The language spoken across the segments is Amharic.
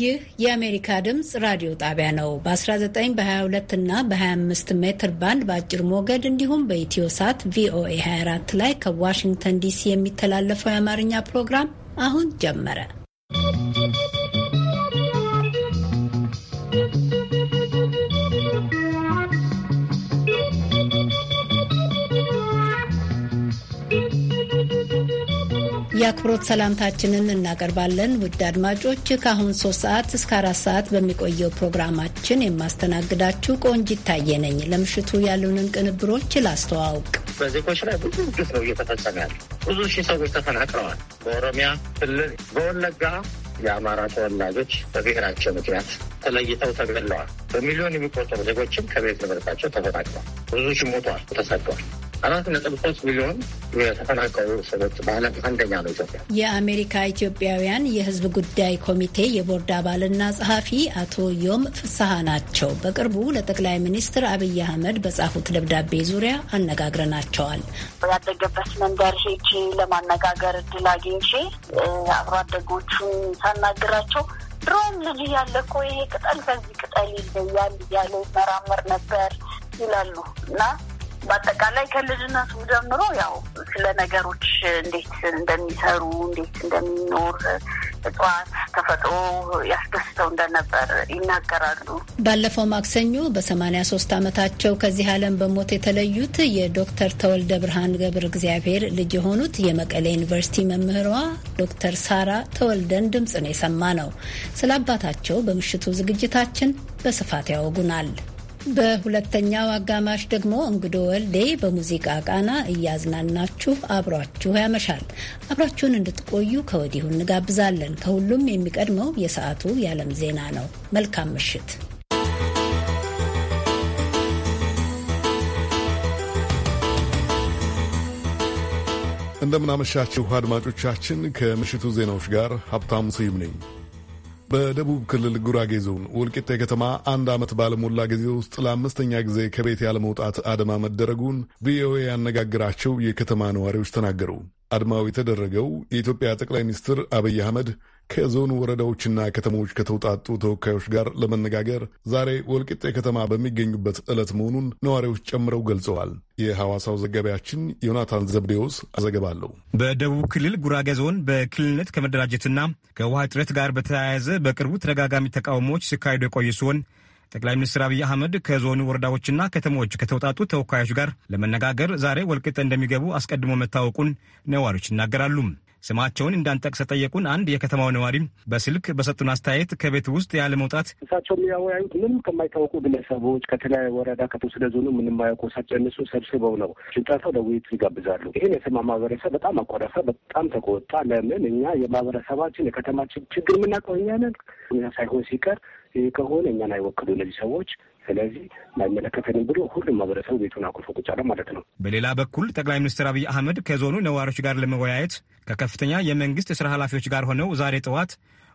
ይህ የአሜሪካ ድምፅ ራዲዮ ጣቢያ ነው። በ19 በ22 እና በ25 ሜትር ባንድ በአጭር ሞገድ እንዲሁም በኢትዮ ሳት ቪኦኤ 24 ላይ ከዋሽንግተን ዲሲ የሚተላለፈው የአማርኛ ፕሮግራም አሁን ጀመረ። የአክብሮት ሰላምታችንን እናቀርባለን። ውድ አድማጮች ከአሁን ሶስት ሰዓት እስከ አራት ሰዓት በሚቆየው ፕሮግራማችን የማስተናግዳችሁ ቆንጅ ታየ ነኝ። ለምሽቱ ያሉንን ቅንብሮች ላስተዋውቅ። በዜጎች ላይ ብዙ ግፍ ነው እየተፈጸመ ያለ። ብዙ ሺህ ሰዎች ተፈናቅለዋል። በኦሮሚያ ክልል፣ በወለጋ የአማራ ተወላጆች በብሔራቸው ምክንያት ተለይተው ተገለዋል። በሚሊዮን የሚቆጠሩ ዜጎችም ከቤት ንብረታቸው ተፈናቅለዋል። ብዙዎች ሞተዋል፣ ተሰደዋል። አራት ነጥብ ሶስት ሚሊዮን የተፈናቀሉ ሰዎች በዓለም አንደኛ ነው ኢትዮጵያ። የአሜሪካ ኢትዮጵያውያን የህዝብ ጉዳይ ኮሚቴ የቦርድ አባልና ጸሐፊ አቶ ዮም ፍስሐ ናቸው። በቅርቡ ለጠቅላይ ሚኒስትር አብይ አህመድ በጻፉት ደብዳቤ ዙሪያ አነጋግረናቸዋል። ያደገበት መንደር ሄጄ ለማነጋገር እድል አግኝቼ አብሮ አደጎቹን ሳናግራቸው ድሮም ልጅ እያለ እኮ ይሄ ቅጠል ከዚህ ቅጠል ይለያል እያለ ይመራመር ነበር ይላሉ እና በአጠቃላይ ከልጅነቱ ጀምሮ ያው ስለ ነገሮች እንዴት እንደሚሰሩ እንዴት እንደሚኖር እጽዋት፣ ተፈጥሮ ያስደስተው እንደነበር ይናገራሉ። ባለፈው ማክሰኞ በሰማኒያ ሶስት ዓመታቸው ከዚህ ዓለም በሞት የተለዩት የዶክተር ተወልደ ብርሃን ገብረ እግዚአብሔር ልጅ የሆኑት የመቀሌ ዩኒቨርሲቲ መምህሯ ዶክተር ሳራ ተወልደን ድምፅ ነው የሰማ ነው። ስለ አባታቸው በምሽቱ ዝግጅታችን በስፋት ያወጉናል። በሁለተኛው አጋማሽ ደግሞ እንግዶ ወልዴ በሙዚቃ ቃና እያዝናናችሁ አብሯችሁ ያመሻል። አብራችሁን እንድትቆዩ ከወዲሁ እንጋብዛለን። ከሁሉም የሚቀድመው የሰዓቱ የዓለም ዜና ነው። መልካም ምሽት። እንደምናመሻችሁ አድማጮቻችን፣ ከምሽቱ ዜናዎች ጋር ሀብታሙ ስዩም ነኝ። በደቡብ ክልል ጉራጌ ዞን ወልቂጤ ከተማ አንድ ዓመት ባለሞላ ጊዜ ውስጥ ለአምስተኛ ጊዜ ከቤት ያለመውጣት አድማ መደረጉን ቪኦኤ ያነጋግራቸው የከተማ ነዋሪዎች ተናገሩ። አድማው የተደረገው የኢትዮጵያ ጠቅላይ ሚኒስትር አብይ አህመድ ከዞኑ ወረዳዎችና ከተሞች ከተውጣጡ ተወካዮች ጋር ለመነጋገር ዛሬ ወልቂጤ ከተማ በሚገኙበት ዕለት መሆኑን ነዋሪዎች ጨምረው ገልጸዋል። የሐዋሳው ዘጋቢያችን ዮናታን ዘብዴዎስ አዘገባለሁ። በደቡብ ክልል ጉራጌ ዞን በክልልነት ከመደራጀትና ከውሃ እጥረት ጋር በተያያዘ በቅርቡ ተደጋጋሚ ተቃውሞዎች ሲካሄዱ የቆዩ ሲሆን ጠቅላይ ሚኒስትር አብይ አህመድ ከዞኑ ወረዳዎችና ከተሞች ከተውጣጡ ተወካዮች ጋር ለመነጋገር ዛሬ ወልቂጤ እንደሚገቡ አስቀድሞ መታወቁን ነዋሪዎች ይናገራሉ። ስማቸውን እንዳንጠቅስ ጠየቁን። አንድ የከተማው ነዋሪም በስልክ በሰጡን አስተያየት ከቤት ውስጥ ያለ መውጣት እሳቸው የሚያወያዩት ምንም ከማይታወቁ ግለሰቦች ከተለያዩ ወረዳ ከተወሰደ ዞኑ ምንም ማያውቁ እሳቸው እነሱ ሰብስበው ነው ሽንጠርተው ለውይይት ይጋብዛሉ። ይህን የሰማ ማህበረሰብ በጣም አቆረፈ፣ በጣም ተቆጣ። ለምን እኛ የማህበረሰባችን የከተማችን ችግር የምናውቀው እኛ ነን። ሳይሆን ሲቀር ይህ ከሆነ እኛን አይወክሉ እነዚህ ሰዎች ስለዚህ ማይመለከተንም ብሎ ሁሉም ማህበረሰቡ ቤቱን አቁልፎ ቁጭ አለ ማለት ነው። በሌላ በኩል ጠቅላይ ሚኒስትር አብይ አህመድ ከዞኑ ነዋሪዎች ጋር ለመወያየት ከከፍተኛ የመንግስት ስራ ኃላፊዎች ጋር ሆነው ዛሬ ጠዋት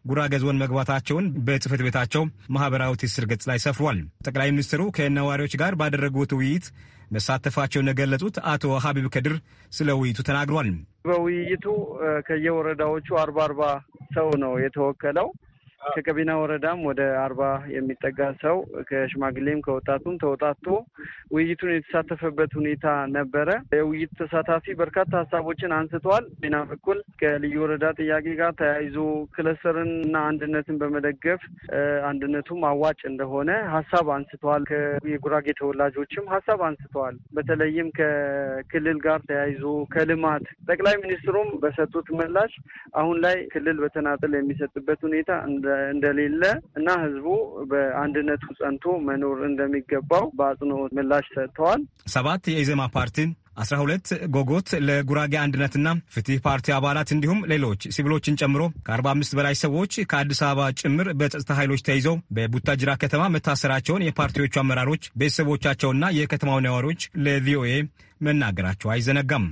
ጉራጌ ዞን መግባታቸውን በጽህፈት ቤታቸው ማህበራዊ ትስስር ገጽ ላይ ሰፍሯል። ጠቅላይ ሚኒስትሩ ከነዋሪዎች ጋር ባደረጉት ውይይት መሳተፋቸውን የገለጹት አቶ ሀቢብ ከድር ስለ ውይይቱ ተናግሯል። በውይይቱ ከየወረዳዎቹ አርባ አርባ ሰው ነው የተወከለው። ከቀቢና ወረዳም ወደ አርባ የሚጠጋ ሰው ከሽማግሌም ከወጣቱም ተወጣቶ ውይይቱን የተሳተፈበት ሁኔታ ነበረ። የውይይት ተሳታፊ በርካታ ሀሳቦችን አንስተዋል። ቢና በኩል ከልዩ ወረዳ ጥያቄ ጋር ተያይዞ ክለስተርን እና አንድነትን በመደገፍ አንድነቱም አዋጭ እንደሆነ ሀሳብ አንስተዋል። የጉራጌ ተወላጆችም ሀሳብ አንስተዋል። በተለይም ከክልል ጋር ተያይዞ ከልማት ጠቅላይ ሚኒስትሩም በሰጡት ምላሽ አሁን ላይ ክልል በተናጠል የሚሰጥበት ሁኔታ እንደ እንደሌለ እና ህዝቡ በአንድነቱ ጸንቶ መኖር እንደሚገባው በአጽንኦት ምላሽ ሰጥተዋል። ሰባት የኢዜማ ፓርቲ አስራ ሁለት ጎጎት ለጉራጌ አንድነትና ፍትህ ፓርቲ አባላት እንዲሁም ሌሎች ሲቪሎችን ጨምሮ ከአርባ አምስት በላይ ሰዎች ከአዲስ አበባ ጭምር በጸጥታ ኃይሎች ተይዘው በቡታጅራ ከተማ መታሰራቸውን የፓርቲዎቹ አመራሮች፣ ቤተሰቦቻቸውና የከተማው ነዋሪዎች ለቪኦኤ መናገራቸው አይዘነጋም።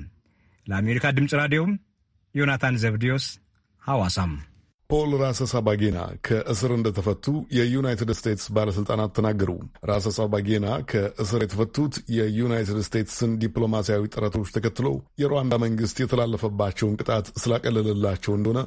ለአሜሪካ ድምፅ ራዲዮ ዮናታን ዘብዲዮስ ሐዋሳም ፖል ራሰሳባጌና ከእስር እንደተፈቱ የዩናይትድ ስቴትስ ባለሥልጣናት ተናገሩ። ራሰሳባጌና ከእስር የተፈቱት የዩናይትድ ስቴትስን ዲፕሎማሲያዊ ጥረቶች ተከትሎ የሩዋንዳ መንግሥት የተላለፈባቸውን ቅጣት ስላቀለለላቸው እንደሆነ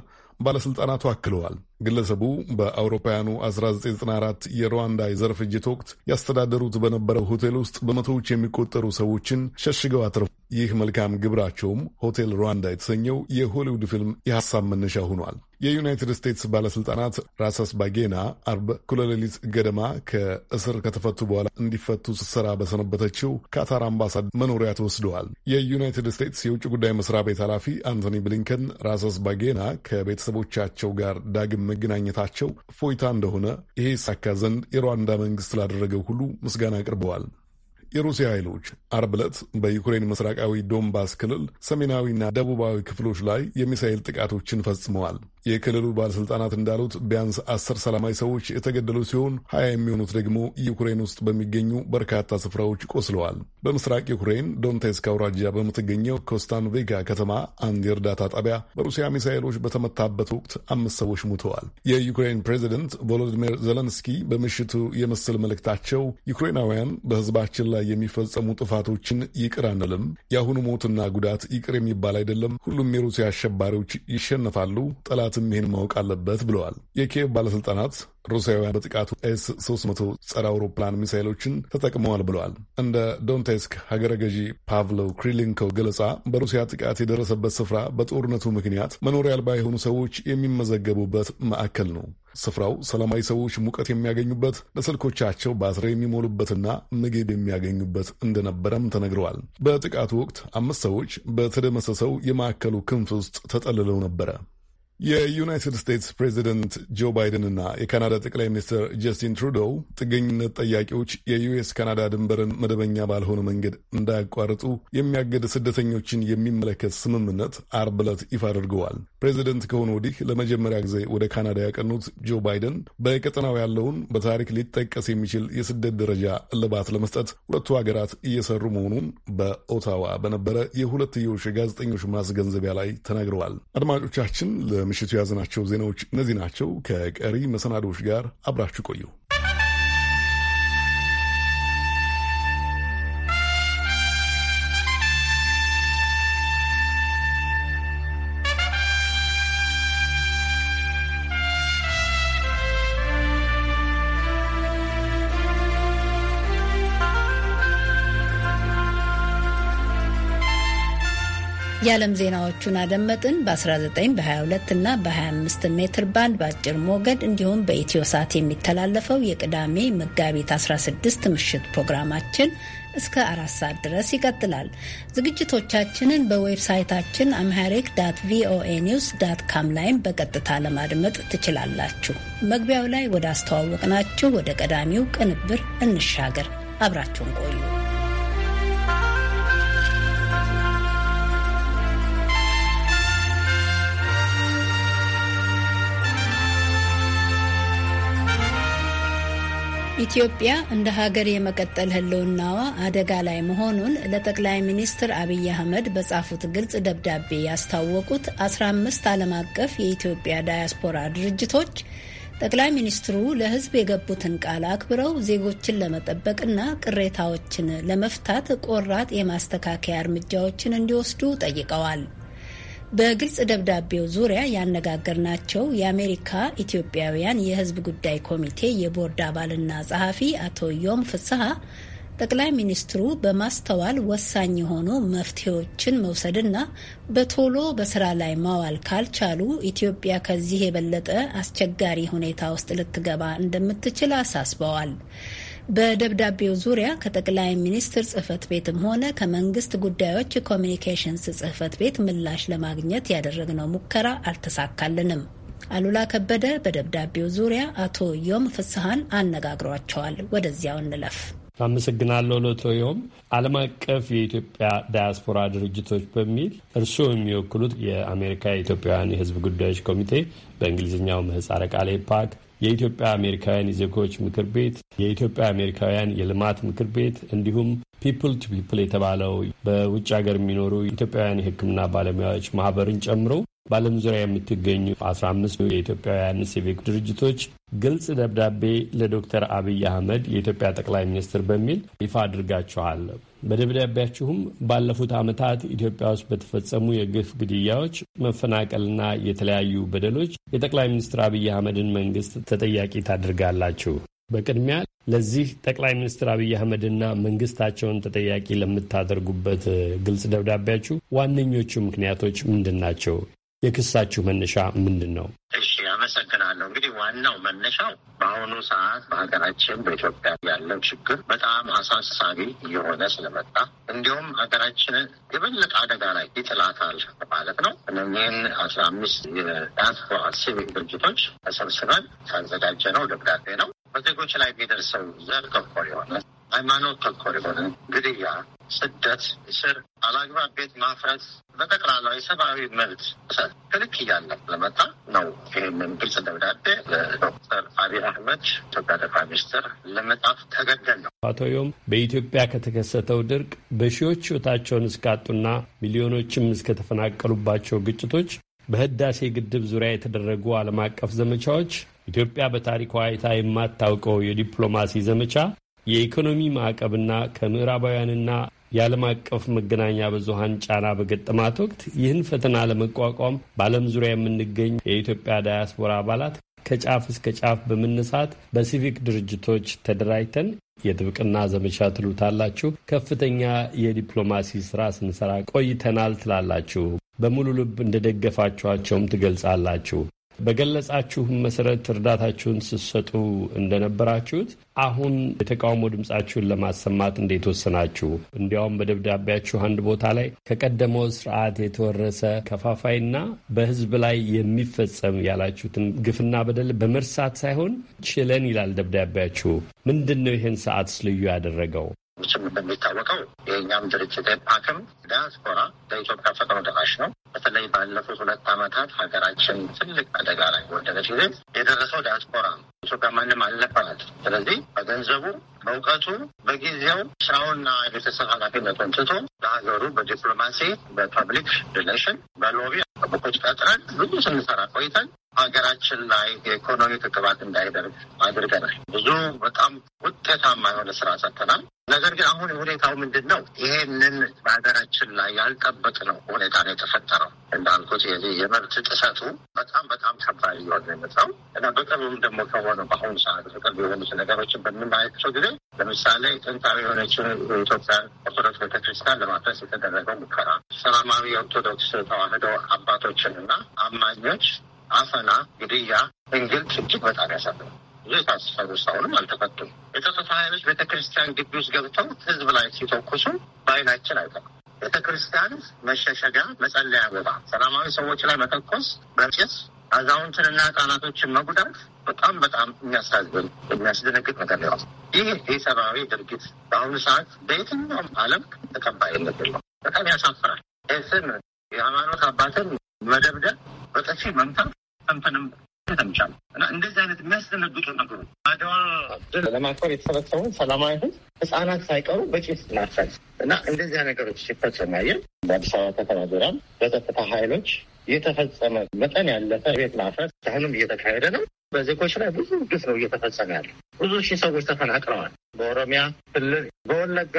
ባለሥልጣናቱ አክለዋል። ግለሰቡ በአውሮፓውያኑ 1994 የሩዋንዳ የዘር ፍጅት ወቅት ያስተዳደሩት በነበረው ሆቴል ውስጥ በመቶዎች የሚቆጠሩ ሰዎችን ሸሽገው አትረፉ። ይህ መልካም ግብራቸውም ሆቴል ሩዋንዳ የተሰኘው የሆሊውድ ፊልም የሐሳብ መነሻ ሆኗል። የዩናይትድ ስቴትስ ባለሥልጣናት ራሰስ ባጌና አርብ ኩለሌሊት ገደማ ከእስር ከተፈቱ በኋላ እንዲፈቱ ስትሰራ በሰነበተችው ካታር አምባሳድ መኖሪያ ተወስደዋል። የዩናይትድ ስቴትስ የውጭ ጉዳይ መስሪያ ቤት ኃላፊ አንቶኒ ብሊንከን ራሰስ ባጌና ከቤተሰቦቻቸው ጋር ዳግም መገናኘታቸው እፎይታ እንደሆነ ይሄ ይሳካ ዘንድ የሩዋንዳ መንግስት ላደረገው ሁሉ ምስጋና አቅርበዋል። የሩሲያ ኃይሎች አርብ ዕለት በዩክሬን ምስራቃዊ ዶንባስ ክልል ሰሜናዊና ደቡባዊ ክፍሎች ላይ የሚሳኤል ጥቃቶችን ፈጽመዋል። የክልሉ ባለስልጣናት እንዳሉት ቢያንስ አስር ሰላማዊ ሰዎች የተገደሉ ሲሆን ሀያ የሚሆኑት ደግሞ ዩክሬን ውስጥ በሚገኙ በርካታ ስፍራዎች ቆስለዋል። በምስራቅ ዩክሬን ዶንቴስክ አውራጃ በምትገኘው ኮስታንቬጋ ከተማ አንድ የእርዳታ ጣቢያ በሩሲያ ሚሳይሎች በተመታበት ወቅት አምስት ሰዎች ሙተዋል። የዩክሬን ፕሬዚደንት ቮሎዲሚር ዘለንስኪ በምሽቱ የምስል መልእክታቸው ዩክሬናውያን በህዝባችን ላይ የሚፈጸሙ ጥፋቶችን ይቅር አንልም። የአሁኑ ሞትና ጉዳት ይቅር የሚባል አይደለም። ሁሉም የሩሲያ አሸባሪዎች ይሸነፋሉ። ጠላት መንግስትም ይህን ማወቅ አለበት ብለዋል። የኪየቭ ባለስልጣናት ሩሲያውያን በጥቃቱ ኤስ 300 ጸረ አውሮፕላን ሚሳይሎችን ተጠቅመዋል ብለዋል። እንደ ዶንቴስክ ሀገረ ገዢ ፓቭሎ ክሪሊንኮ ገለጻ በሩሲያ ጥቃት የደረሰበት ስፍራ በጦርነቱ ምክንያት መኖሪያ አልባ የሆኑ ሰዎች የሚመዘገቡበት ማዕከል ነው። ስፍራው ሰላማዊ ሰዎች ሙቀት የሚያገኙበት፣ ለስልኮቻቸው ባትሪ የሚሞሉበትና ምግብ የሚያገኙበት እንደነበረም ተነግረዋል። በጥቃቱ ወቅት አምስት ሰዎች በተደመሰሰው የማዕከሉ ክንፍ ውስጥ ተጠልለው ነበረ። የዩናይትድ ስቴትስ ፕሬዚደንት ጆ ባይደን ና የካናዳ ጠቅላይ ሚኒስትር ጀስቲን ትሩዶ ጥገኝነት ጠያቂዎች የዩኤስ ካናዳ ድንበርን መደበኛ ባልሆነ መንገድ እንዳያቋርጡ የሚያገድ ስደተኞችን የሚመለከት ስምምነት አርብ ዕለት ይፋ አድርገዋል። ፕሬዚደንት ከሆኑ ወዲህ ለመጀመሪያ ጊዜ ወደ ካናዳ ያቀኑት ጆ ባይደን በቀጠናው ያለውን በታሪክ ሊጠቀስ የሚችል የስደት ደረጃ እልባት ለመስጠት ሁለቱ ሀገራት እየሰሩ መሆኑን በኦታዋ በነበረ የሁለትዮሽ ጋዜጠኞች ማስገንዘቢያ ላይ ተናግረዋል። አድማጮቻችን፣ ለምሽቱ የያዝናቸው ዜናዎች እነዚህ ናቸው። ከቀሪ መሰናዶዎች ጋር አብራችሁ ቆዩ። የዓለም ዜናዎቹን አደመጥን። በ19 በ22 እና በ25 ሜትር ባንድ በአጭር ሞገድ እንዲሁም በኢትዮ ሳት የሚተላለፈው የቅዳሜ መጋቢት 16 ምሽት ፕሮግራማችን እስከ አራት ሰዓት ድረስ ይቀጥላል። ዝግጅቶቻችንን በዌብሳይታችን አምሃሪክ ዳት ቪኦኤ ኒውስ ዳት ካም ላይም በቀጥታ ለማድመጥ ትችላላችሁ። መግቢያው ላይ ወደ አስተዋወቅናችሁ ወደ ቀዳሚው ቅንብር እንሻገር። አብራችሁን ቆዩ። ኢትዮጵያ እንደ ሀገር የመቀጠል ህልውናዋ አደጋ ላይ መሆኑን ለጠቅላይ ሚኒስትር አብይ አህመድ በጻፉት ግልጽ ደብዳቤ ያስታወቁት 15 ዓለም አቀፍ የኢትዮጵያ ዳያስፖራ ድርጅቶች ጠቅላይ ሚኒስትሩ ለህዝብ የገቡትን ቃል አክብረው ዜጎችን ለመጠበቅና ቅሬታዎችን ለመፍታት ቆራጥ የማስተካከያ እርምጃዎችን እንዲወስዱ ጠይቀዋል። በግልጽ ደብዳቤው ዙሪያ ያነጋገርናቸው የአሜሪካ ኢትዮጵያውያን የሕዝብ ጉዳይ ኮሚቴ የቦርድ አባልና ጸሐፊ አቶ ዮም ፍስሐ ጠቅላይ ሚኒስትሩ በማስተዋል ወሳኝ የሆኑ መፍትሄዎችን መውሰድና በቶሎ በስራ ላይ ማዋል ካልቻሉ ኢትዮጵያ ከዚህ የበለጠ አስቸጋሪ ሁኔታ ውስጥ ልትገባ እንደምትችል አሳስበዋል። በደብዳቤው ዙሪያ ከጠቅላይ ሚኒስትር ጽህፈት ቤትም ሆነ ከመንግስት ጉዳዮች ኮሚኒኬሽንስ ጽህፈት ቤት ምላሽ ለማግኘት ያደረግነው ሙከራ አልተሳካልንም። አሉላ ከበደ በደብዳቤው ዙሪያ አቶ ዮም ፍስሐን አነጋግሯቸዋል። ወደዚያው እንለፍ። አመሰግናለሁ። ዮም። ዓለም አቀፍ የኢትዮጵያ ዳያስፖራ ድርጅቶች በሚል እርስዎ የሚወክሉት የአሜሪካ የኢትዮጵያውያን የህዝብ ጉዳዮች ኮሚቴ በእንግሊዝኛው ምህጻረ ቃል ፓክ የኢትዮጵያ አሜሪካውያን የዜጎች ምክር ቤት፣ የኢትዮጵያ አሜሪካውያን የልማት ምክር ቤት እንዲሁም ፒፕል ቱ ፒፕል የተባለው በውጭ ሀገር የሚኖሩ ኢትዮጵያውያን የሕክምና ባለሙያዎች ማህበርን ጨምሮ በዓለም ዙሪያ የምትገኙ 15 የኢትዮጵያውያን ሲቪክ ድርጅቶች ግልጽ ደብዳቤ ለዶክተር አብይ አህመድ የኢትዮጵያ ጠቅላይ ሚኒስትር በሚል ይፋ አድርጋችኋል። በደብዳቤያችሁም ባለፉት ዓመታት ኢትዮጵያ ውስጥ በተፈጸሙ የግፍ ግድያዎች፣ መፈናቀልና የተለያዩ በደሎች የጠቅላይ ሚኒስትር አብይ አህመድን መንግስት ተጠያቂ ታድርጋላችሁ። በቅድሚያ ለዚህ ጠቅላይ ሚኒስትር አብይ አህመድና መንግስታቸውን ተጠያቂ ለምታደርጉበት ግልጽ ደብዳቤያችሁ ዋነኞቹ ምክንያቶች ምንድን ናቸው? የክሳችሁ መነሻ ምንድን ነው? እሺ አመሰግናለሁ። እንግዲህ ዋናው መነሻው በአሁኑ ሰዓት በሀገራችን በኢትዮጵያ ያለው ችግር በጣም አሳሳቢ እየሆነ ስለመጣ እንዲሁም ሀገራችንን የበለጠ አደጋ ላይ ይጥላታል ማለት ነው። እነዚህን አስራ አምስት የዲያስፖራ ሲቪል ድርጅቶች ተሰብስበን ካዘጋጀ ነው ደብዳቤ ነው በዜጎች ላይ የሚደርሰው ዘር ተኮር የሆነ ሃይማኖት ተኮር የሆነ ግድያ፣ ስደት፣ እስር፣ አላግባብ ቤት ማፍረስ፣ በጠቅላላው የሰብአዊ መብት ክልክ እያለ ለመጣ ነው። ይህንን ግልጽ ደብዳቤ ለዶክተር አቢይ አህመድ ኢትዮጵያ ጠቅላይ ሚኒስትር ለመጻፍ ተገደል ነው። አቶ ዮም በኢትዮጵያ ከተከሰተው ድርቅ በሺዎች ህይወታቸውን እስካጡና ሚሊዮኖችም እስከተፈናቀሉባቸው ግጭቶች በህዳሴ ግድብ ዙሪያ የተደረጉ ዓለም አቀፍ ዘመቻዎች ኢትዮጵያ በታሪኳ አይታ የማታውቀው የዲፕሎማሲ ዘመቻ የኢኮኖሚ ማዕቀብና ከምዕራባውያንና የዓለም አቀፍ መገናኛ ብዙሃን ጫና በገጠማት ወቅት ይህን ፈተና ለመቋቋም በዓለም ዙሪያ የምንገኝ የኢትዮጵያ ዳያስፖራ አባላት ከጫፍ እስከ ጫፍ በመነሳት በሲቪክ ድርጅቶች ተደራጅተን የጥብቅና ዘመቻ ትሉታላችሁ፣ ከፍተኛ የዲፕሎማሲ ስራ ስንሰራ ቆይተናል ትላላችሁ። በሙሉ ልብ እንደደገፋችኋቸውም ትገልጻላችሁ። በገለጻችሁም መሰረት እርዳታችሁን ስትሰጡ እንደነበራችሁት አሁን የተቃውሞ ድምፃችሁን ለማሰማት እንዴት ወሰናችሁ? እንዲያውም በደብዳቤያችሁ አንድ ቦታ ላይ ከቀደመው ስርዓት የተወረሰ ከፋፋይና በህዝብ ላይ የሚፈጸም ያላችሁትን ግፍና በደል በመርሳት ሳይሆን ችለን ይላል ደብዳቤያችሁ። ምንድን ነው ይህን ሰዓት ልዩ ያደረገው? መቼም እንደሚታወቀው የእኛም ድርጅት አክም ዲያስፖራ ለኢትዮጵያ ፈጥኖ ደራሽ ነው። በተለይ ባለፉት ሁለት ዓመታት ሀገራችን ትልቅ አደጋ ላይ ወደቀች ጊዜ የደረሰው ዲያስፖራ ነው። ኢትዮጵያ ማንም አልነበራት። ስለዚህ በገንዘቡ መውቀቱ በጊዜው ስራውና የቤተሰብ ኃላፊነቱን ትቶ በሀገሩ በዲፕሎማሲ በፐብሊክ ሪሌሽን በሎቢ በፖለቲካ ቀጥረን ብዙ ስንሰራ ቆይተን ሀገራችን ላይ የኢኮኖሚ ትቅባት እንዳይደርግ አድርገናል። ብዙ በጣም ውጤታማ የሆነ ስራ ሰጥተናል። ነገር ግን አሁን ሁኔታው ምንድን ነው? ይሄንን በሀገራችን ላይ ያልጠበቅነው ሁኔታ ነው የተፈጠረው። እንዳልኩት የመብት ጥሰቱ በጣም በጣም ከባድ እየሆነ የመጣው እና በቅርብም ደግሞ ከሆነ በአሁኑ ሰዓት በቅርብ የሆኑት ነገሮችን በምናያቸው ጊዜ ለምሳሌ ጥንታዊ የሆነችን የኢትዮጵያ ኦርቶዶክስ ቤተክርስቲያን ለማፍረስ የተደረገ ሙከራ ሰላማዊ የኦርቶዶክስ ተዋህዶ አባቶችን እና አማኞች አፈና፣ ግድያ፣ እንግልት እጅግ በጣም ያሳዝናል። ብዙ የታሰሩ አሁንም አልተፈቱም። የጸጥታ ኃይሎች ቤተክርስቲያን ግቢ ውስጥ ገብተው ህዝብ ላይ ሲተኩሱ በአይናችን አይጠቅም። ቤተክርስቲያን መሸሸጊያ መጸለያ ቦታ፣ ሰላማዊ ሰዎች ላይ መተኮስ በጭስ አዛውንትንና ህጻናቶችን መጉዳት በጣም በጣም የሚያሳዝን የሚያስደነግጥ ነገር ነው። ይህ የሰብአዊ ድርጊት በአሁኑ ሰዓት በየትኛውም ዓለም ተቀባይነት የለውም። በጣም ያሳፍራል። ስን የሃይማኖት አባትን መደብደብ፣ በጥፊ መምታት ሰምተንም ተምቻል እና እንደዚህ አይነት የሚያስደነግጡ ነገሮች አድዋ ድል ለማክበር የተሰበሰበውን ሰላማዊ ህዝብ ህጻናት ሳይቀሩ በጭስ ማፈል እና እንደዚያ ነገሮች ሲፈጸም ያየን በአዲስ አበባ ከተማ ዙሪያም በጸጥታ ኃይሎች የተፈጸመ መጠን ያለፈ ቤት ማፍረስ አሁንም እየተካሄደ ነው። በዜጎች ላይ ብዙ ግፍ ነው እየተፈጸመ ያለ። ብዙ ሺህ ሰዎች ተፈናቅለዋል። በኦሮሚያ ክልል በወለጋ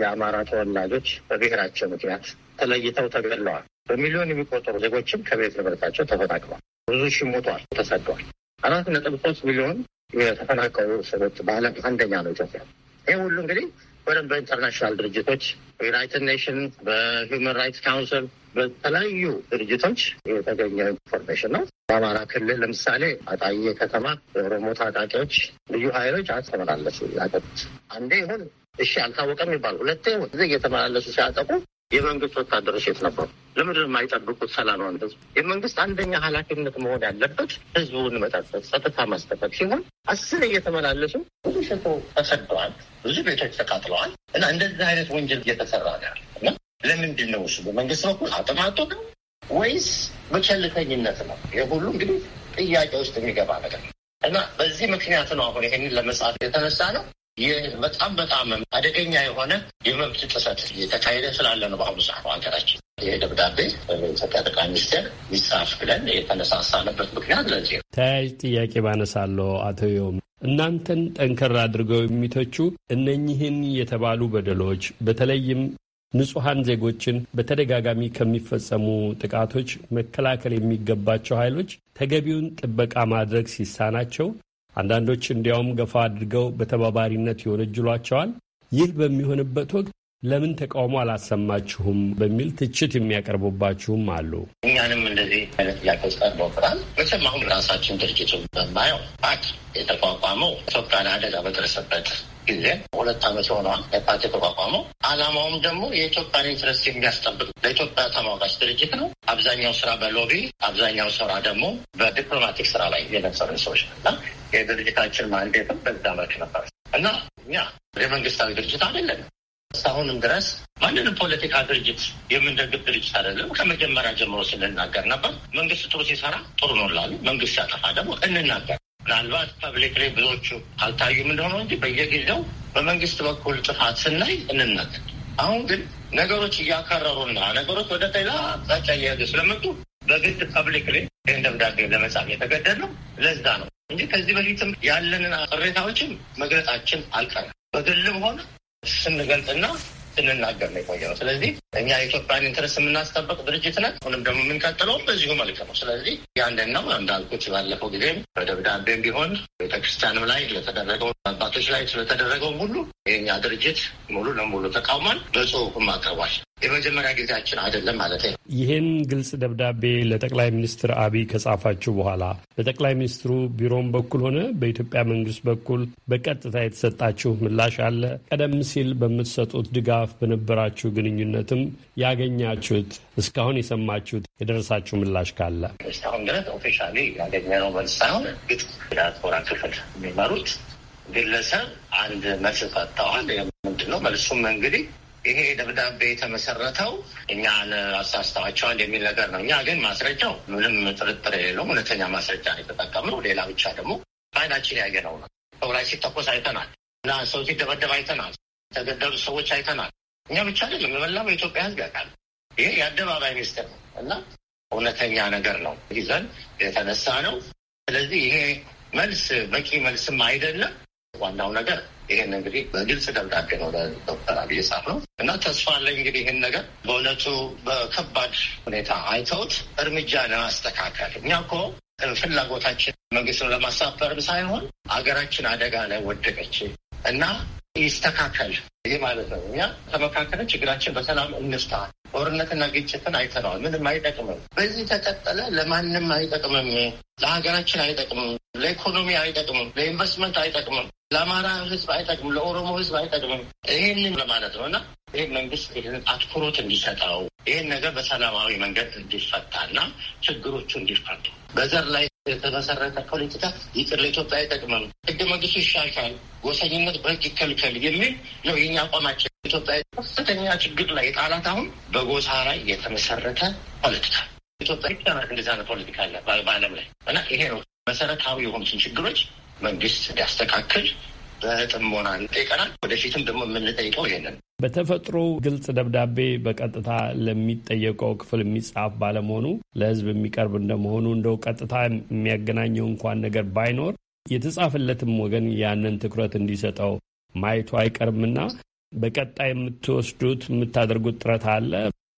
የአማራ ተወላጆች በብሔራቸው ምክንያት ተለይተው ተገለዋል። በሚሊዮን የሚቆጠሩ ዜጎችም ከቤት ንብረታቸው ተፈናቅለዋል። ብዙ ሺህ ሞቷል፣ ተሰደዋል። አራት ነጥብ ሶስት ሚሊዮን የተፈናቀሉ ሰዎች በዓለም አንደኛ ነው ኢትዮጵያ። ይህ ሁሉ እንግዲህ ወይም በኢንተርናሽናል ድርጅቶች በዩናይትድ ኔሽን፣ በሂውማን ራይትስ ካውንስል፣ በተለያዩ ድርጅቶች የተገኘ ኢንፎርሜሽን ነው። በአማራ ክልል ለምሳሌ አጣዬ ከተማ የኦሮሞ ታጣቂዎች ልዩ ኃይሎች አተመላለሱ ያጠቁት አንዴ ይሁን እሺ አልታወቀም ይባል ሁለቴ እየተመላለሱ ሲያጠቁ የመንግስት ወታደሮች የት ነበሩ? ለምንድን የማይጠብቁት ሰላማዊ ህዝብ? የመንግስት አንደኛ ኃላፊነት መሆን ያለበት ህዝቡን መጠበቅ፣ ጸጥታ ማስጠበቅ ሲሆን አስር እየተመላለሱ ብዙ ሸተው ተሰደዋል፣ ብዙ ቤቶች ተቃጥለዋል። እና እንደዚህ አይነት ወንጀል እየተሰራ ነው ያለ እና ለምንድን ነው እሱ በመንግስት በኩል አጥማቶ ነው ወይስ በቸልተኝነት ነው? የሁሉ እንግዲህ ጥያቄ ውስጥ የሚገባ ነገር እና በዚህ ምክንያት ነው አሁን ይህንን ለመጽሐፍ የተነሳ ነው ይህ በጣም በጣም አደገኛ የሆነ የመብት ጥሰት እየተካሄደ ስላለ ነው በአሁኑ ሰዓት ሀገራችን። ይሄ ደብዳቤ በኢትዮጵያ ጠቅላይ ሚኒስቴር ሊጻፍ ብለን የተነሳሳንበት ምክንያት ለዚህ ነው። ተያያዥ ጥያቄ ባነሳለሁ። አቶ ዮም እናንተን ጠንከር አድርገው የሚተቹ እነኚህን የተባሉ በደሎች በተለይም ንጹሐን ዜጎችን በተደጋጋሚ ከሚፈጸሙ ጥቃቶች መከላከል የሚገባቸው ኃይሎች ተገቢውን ጥበቃ ማድረግ ሲሳናቸው አንዳንዶች እንዲያውም ገፋ አድርገው በተባባሪነት ይወነጅሏቸዋል። ይህ በሚሆንበት ወቅት ለምን ተቃውሞ አላሰማችሁም በሚል ትችት የሚያቀርቡባችሁም አሉ። እኛንም እንደዚህ አይነት ጥያቄ ውስጥ መቼም አሁን ራሳችን ድርጅቱ በማየው ፓት የተቋቋመው ኢትዮጵያ አደጋ በደረሰበት ጊዜ ሁለት ዓመት የሆነ ፓት የተቋቋመው አላማውም ደግሞ የኢትዮጵያን ኢንትረስት የሚያስጠብቅ ለኢትዮጵያ ተሟጋች ድርጅት ነው። አብዛኛው ስራ በሎቢ አብዛኛው ስራ ደግሞ በዲፕሎማቲክ ስራ ላይ የነበሩ ሰዎች እና የድርጅታችን ማንዴትም በዛ መልክ ነበር እና እኛ የመንግስታዊ ድርጅት አይደለም። እስካሁንም ድረስ ማንንም ፖለቲካ ድርጅት የምንደግፍ ድርጅት አይደለም። ከመጀመሪያ ጀምሮ ስንናገር ነበር። መንግስት ጥሩ ሲሰራ ጥሩ ነው ላሉ፣ መንግስት ሲያጠፋ ደግሞ እንናገር። ምናልባት ፐብሊክ ላይ ብዙዎቹ አልታዩም እንደሆነ እንጂ በየጊዜው በመንግስት በኩል ጥፋት ስናይ እንናገር። አሁን ግን ነገሮች እያከረሩና ነገሮች ወደ ሌላ አቅጣጫ እየሄዱ ስለመጡ በግድ ፐብሊክ ላይ ይህን ደብዳቤ ለመጻፍ ነው። ለዛ ነው እንጂ ከዚህ በፊትም ያለንን ቅሬታዎችም መግለጻችን አልቀረም። በግልም ሆነ ስንገልጽና ስንናገር ነው የቆየ ነው። ስለዚህ እኛ የኢትዮጵያን ኢንትረስት የምናስጠብቅ ድርጅት ነን። አሁንም ደግሞ የምንቀጥለው በዚሁ መልክ ነው። ስለዚህ ያንን ነው እንዳልኩት ባለፈው ጊዜም በደብዳቤም ቢሆን ቤተክርስቲያንም ላይ ለተደረገው አባቶች ላይ ስለተደረገው ሁሉ የእኛ ድርጅት ሙሉ ለሙሉ ተቃውሟል። በጽሁፍም አቅርቧል። የመጀመሪያ ጊዜያችን አይደለም ማለት ነው። ይህን ግልጽ ደብዳቤ ለጠቅላይ ሚኒስትር አብይ ከጻፋችሁ በኋላ በጠቅላይ ሚኒስትሩ ቢሮም በኩል ሆነ በኢትዮጵያ መንግስት በኩል በቀጥታ የተሰጣችሁ ምላሽ አለ? ቀደም ሲል በምትሰጡት ድጋፍ በነበራችሁ ግንኙነትም ያገኛችሁት እስካሁን የሰማችሁት የደረሳችሁ ምላሽ ካለ? እስካሁን ድረስ ኦፊሻሊ ያገኘነው መልስ ሳይሆን ግጥ ክፍል የሚመሩት ግለሰብ አንድ መልስ ሰጥተዋል። መልሱም እንግዲህ ይሄ ደብዳቤ የተመሰረተው እኛን አሳስተዋቸዋል የሚል ነገር ነው። እኛ ግን ማስረጃው ምንም ጥርጥር የሌለውም እውነተኛ ማስረጃ ነው የተጠቀምነው። ሌላ ብቻ ደግሞ በዓይናችን ያየነው ነው። ሰው ላይ ሲተኮስ አይተናል እና ሰው ሲደበደብ አይተናል። የተገደሉ ሰዎች አይተናል። እኛ ብቻ አይደለም፣ በመላው በኢትዮጵያ ሕዝብ ያውቃል። ይሄ የአደባባይ ሚኒስትር ነው እና እውነተኛ ነገር ነው ይዘን የተነሳ ነው። ስለዚህ ይሄ መልስ በቂ መልስም አይደለም። ዋናው ነገር ይሄን እንግዲህ በግልጽ ደብዳቤ ነው ለዶክተር አብይ የጻፍ ነው እና ተስፋ አለ እንግዲህ ይህን ነገር በእውነቱ በከባድ ሁኔታ አይተውት እርምጃ ለማስተካከል እኛ እኮ ፍላጎታችን መንግስትን ለማሳፈርም ሳይሆን አገራችን አደጋ ላይ ወደቀች እና ይስተካከል ይህ ማለት ነው። እኛ ተመካከለ ችግራችን በሰላም እንፍታ። ጦርነትና ግጭትን አይተነዋል። ምንም አይጠቅምም። በዚህ ተቀጠለ ለማንም አይጠቅምም። ለሀገራችን አይጠቅምም። ለኢኮኖሚ አይጠቅምም። ለኢንቨስትመንት አይጠቅምም። ለአማራ ሕዝብ አይጠቅምም። ለኦሮሞ ሕዝብ አይጠቅምም። ይህንን ለማለት ነው እና ይህን መንግስት ይህን አትኩሮት እንዲሰጠው ይህን ነገር በሰላማዊ መንገድ እንዲፈታና ችግሮቹ እንዲፈቱ በዘር ላይ የተመሰረተ ፖለቲካ ይቅር፣ ለኢትዮጵያ አይጠቅምም፣ ህገ መንግስቱ ይሻሻል፣ ወሰኝነት በህግ ይከልከል የሚል ነው የኛ አቋማችን። ኢትዮጵያ ከፍተኛ ችግር ላይ የጣላት አሁን በጎሳ ላይ የተመሰረተ ፖለቲካ ኢትዮጵያ ብቻ እንደዛ ነው ፖለቲካ አለ በዓለም ላይ እና ይሄ ነው መሰረታዊ የሆኑትን ችግሮች መንግስት ሊያስተካክል በጥሞና ይጠይቀናል። ወደፊትም ደግሞ የምንጠይቀው ይሄንን በተፈጥሮ ግልጽ ደብዳቤ በቀጥታ ለሚጠየቀው ክፍል የሚጻፍ ባለመሆኑ ለህዝብ የሚቀርብ እንደመሆኑ እንደው ቀጥታ የሚያገናኘው እንኳን ነገር ባይኖር የተጻፈለትም ወገን ያንን ትኩረት እንዲሰጠው ማየቱ አይቀርምና በቀጣይ የምትወስዱት የምታደርጉት ጥረት አለ?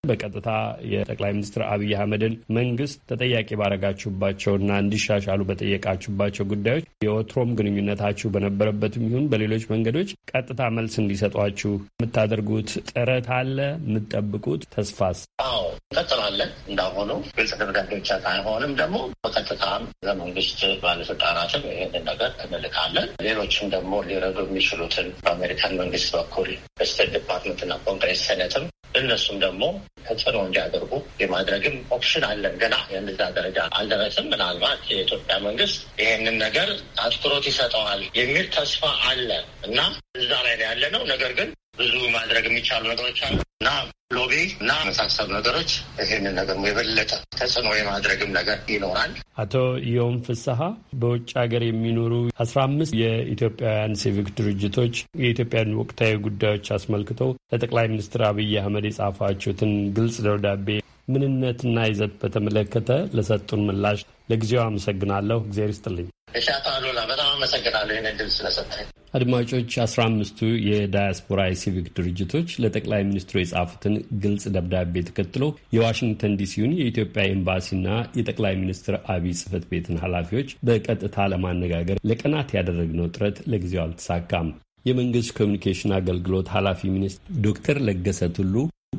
በቀጥታ የጠቅላይ ሚኒስትር አብይ አህመድን መንግስት ተጠያቂ ባረጋችሁባቸውና እንዲሻሻሉ በጠየቃችሁባቸው ጉዳዮች የወትሮም ግንኙነታችሁ በነበረበትም ይሁን በሌሎች መንገዶች ቀጥታ መልስ እንዲሰጧችሁ የምታደርጉት ጥረት አለ? የምትጠብቁት ተስፋስ? አዎ እንቀጥላለን። እንዳሁኑ ግልጽ ደብዳቤ ብቻ ደግሞ በቀጥታም ለመንግስት ባለስልጣናትም ይህንን ነገር እንልካለን። ሌሎችም ደግሞ ሊረዱ የሚችሉትን በአሜሪካን መንግስት በኩል በስቴት ዲፓርትመንትና ኮንግሬስ ሴኔትም እነሱም ደግሞ ተጽዕኖ እንዲያደርጉ የማድረግም ኦፕሽን አለን። ገና የንዛ ደረጃ አልደረስም። ምናልባት የኢትዮጵያ መንግስት ይህንን ነገር አትኩሮት ይሰጠዋል የሚል ተስፋ አለ እና እዛ ላይ ያለ ነው። ነገር ግን ብዙ ማድረግ የሚቻሉ ነገሮች አሉ እና ሎቢ እና መሳሰሉ ነገሮች ይህንን ነገር የበለጠ ተጽዕኖ የማድረግም ነገር ይኖራል። አቶ ዮም ፍስሀ በውጭ ሀገር የሚኖሩ አስራ አምስት የኢትዮጵያውያን ሲቪክ ድርጅቶች የኢትዮጵያን ወቅታዊ ጉዳዮች አስመልክቶ ለጠቅላይ ሚኒስትር አብይ አህመድ የጻፏችሁትን ግልጽ ደብዳቤ ምንነትና ይዘት በተመለከተ ለሰጡን ምላሽ ለጊዜው አመሰግናለሁ። እግዜር ይስጥልኝ። እሺ አቶ አሉላ በጣም አመሰግናለሁ ይህን እድል ስለሰጠኝ። አድማጮች አስራ አምስቱ የዳያስፖራ የሲቪክ ድርጅቶች ለጠቅላይ ሚኒስትሩ የጻፉትን ግልጽ ደብዳቤ ተከትሎ የዋሽንግተን ዲሲውን የኢትዮጵያ ኤምባሲና የጠቅላይ ሚኒስትር አብይ ጽህፈት ቤትን ኃላፊዎች በቀጥታ ለማነጋገር ለቀናት ያደረግነው ጥረት ለጊዜው አልተሳካም። የመንግስት ኮሚኒኬሽን አገልግሎት ኃላፊ ሚኒስትር ዶክተር ለገሰ ቱሉ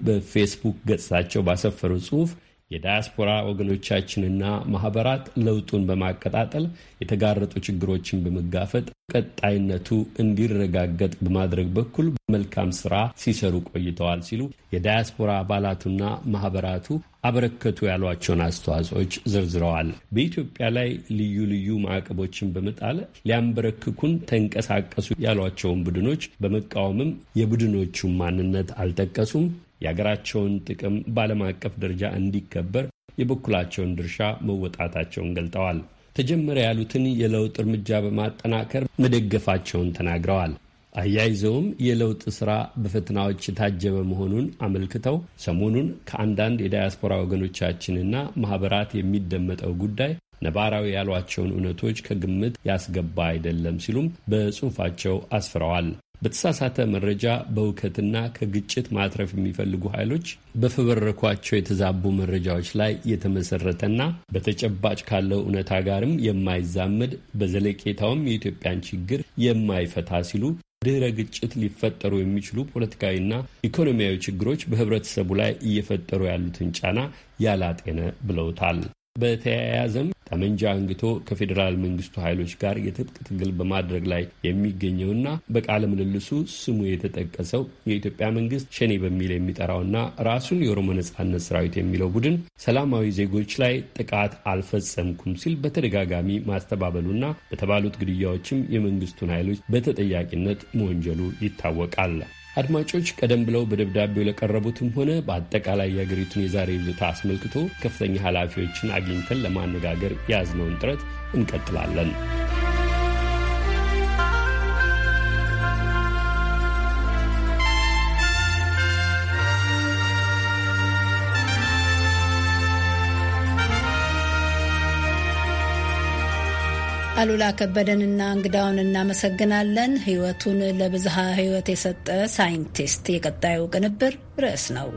በፌስቡክ ገጻቸው ባሰፈሩ ጽሁፍ የዳያስፖራ ወገኖቻችንና ማህበራት ለውጡን በማቀጣጠል የተጋረጡ ችግሮችን በመጋፈጥ ቀጣይነቱ እንዲረጋገጥ በማድረግ በኩል መልካም ስራ ሲሰሩ ቆይተዋል ሲሉ የዳያስፖራ አባላቱና ማህበራቱ አበረከቱ ያሏቸውን አስተዋጽኦች ዘርዝረዋል። በኢትዮጵያ ላይ ልዩ ልዩ ማዕቀቦችን በመጣል ሊያንበረክኩን ተንቀሳቀሱ ያሏቸውን ቡድኖች በመቃወምም የቡድኖቹን ማንነት አልጠቀሱም። የሀገራቸውን ጥቅም በዓለም አቀፍ ደረጃ እንዲከበር የበኩላቸውን ድርሻ መወጣታቸውን ገልጠዋል። ተጀመረ ያሉትን የለውጥ እርምጃ በማጠናከር መደገፋቸውን ተናግረዋል። አያይዘውም የለውጥ ሥራ በፈተናዎች የታጀበ መሆኑን አመልክተው ሰሞኑን ከአንዳንድ የዳያስፖራ ወገኖቻችንና ማህበራት የሚደመጠው ጉዳይ ነባራዊ ያሏቸውን እውነቶች ከግምት ያስገባ አይደለም ሲሉም በጽሑፋቸው አስፍረዋል። በተሳሳተ መረጃ በውከትና ከግጭት ማትረፍ የሚፈልጉ ኃይሎች በፈበረኳቸው የተዛቡ መረጃዎች ላይ የተመሰረተና በተጨባጭ ካለው እውነታ ጋርም የማይዛመድ በዘለቄታውም የኢትዮጵያን ችግር የማይፈታ ሲሉ ድህረ ግጭት ሊፈጠሩ የሚችሉ ፖለቲካዊና ኢኮኖሚያዊ ችግሮች በህብረተሰቡ ላይ እየፈጠሩ ያሉትን ጫና ያላጤነ ብለውታል። በተያያዘም ጠመንጃ አንግቶ ከፌዴራል መንግስቱ ኃይሎች ጋር የትጥቅ ትግል በማድረግ ላይ የሚገኘውና በቃለ ምልልሱ ስሙ የተጠቀሰው የኢትዮጵያ መንግስት ሸኔ በሚል የሚጠራውና ራሱን የኦሮሞ ነጻነት ሰራዊት የሚለው ቡድን ሰላማዊ ዜጎች ላይ ጥቃት አልፈጸምኩም ሲል በተደጋጋሚ ማስተባበሉና በተባሉት ግድያዎችም የመንግስቱን ኃይሎች በተጠያቂነት መወንጀሉ ይታወቃል። አድማጮች ቀደም ብለው በደብዳቤው ለቀረቡትም ሆነ በአጠቃላይ የአገሪቱን የዛሬ ይዞታ አስመልክቶ ከፍተኛ ኃላፊዎችን አግኝተን ለማነጋገር የያዝነውን ጥረት እንቀጥላለን። አሉላ ከበደንና እንግዳውን እናመሰግናለን። ህይወቱን ለብዝሃ ህይወት የሰጠ ሳይንቲስት የቀጣዩ ቅንብር ርዕስ ነው።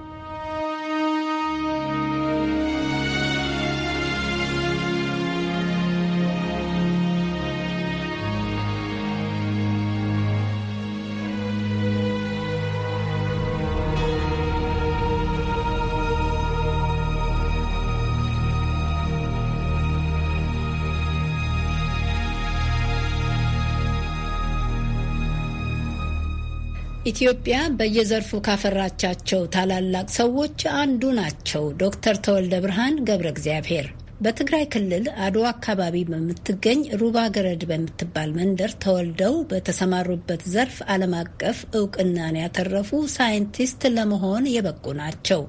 ኢትዮጵያ በየዘርፉ ካፈራቻቸው ታላላቅ ሰዎች አንዱ ናቸው ዶክተር ተወልደ ብርሃን ገብረ እግዚአብሔር። በትግራይ ክልል አድዋ አካባቢ በምትገኝ ሩባ ገረድ በምትባል መንደር ተወልደው በተሰማሩበት ዘርፍ ዓለም አቀፍ እውቅናን ያተረፉ ሳይንቲስት ለመሆን የበቁ ናቸው።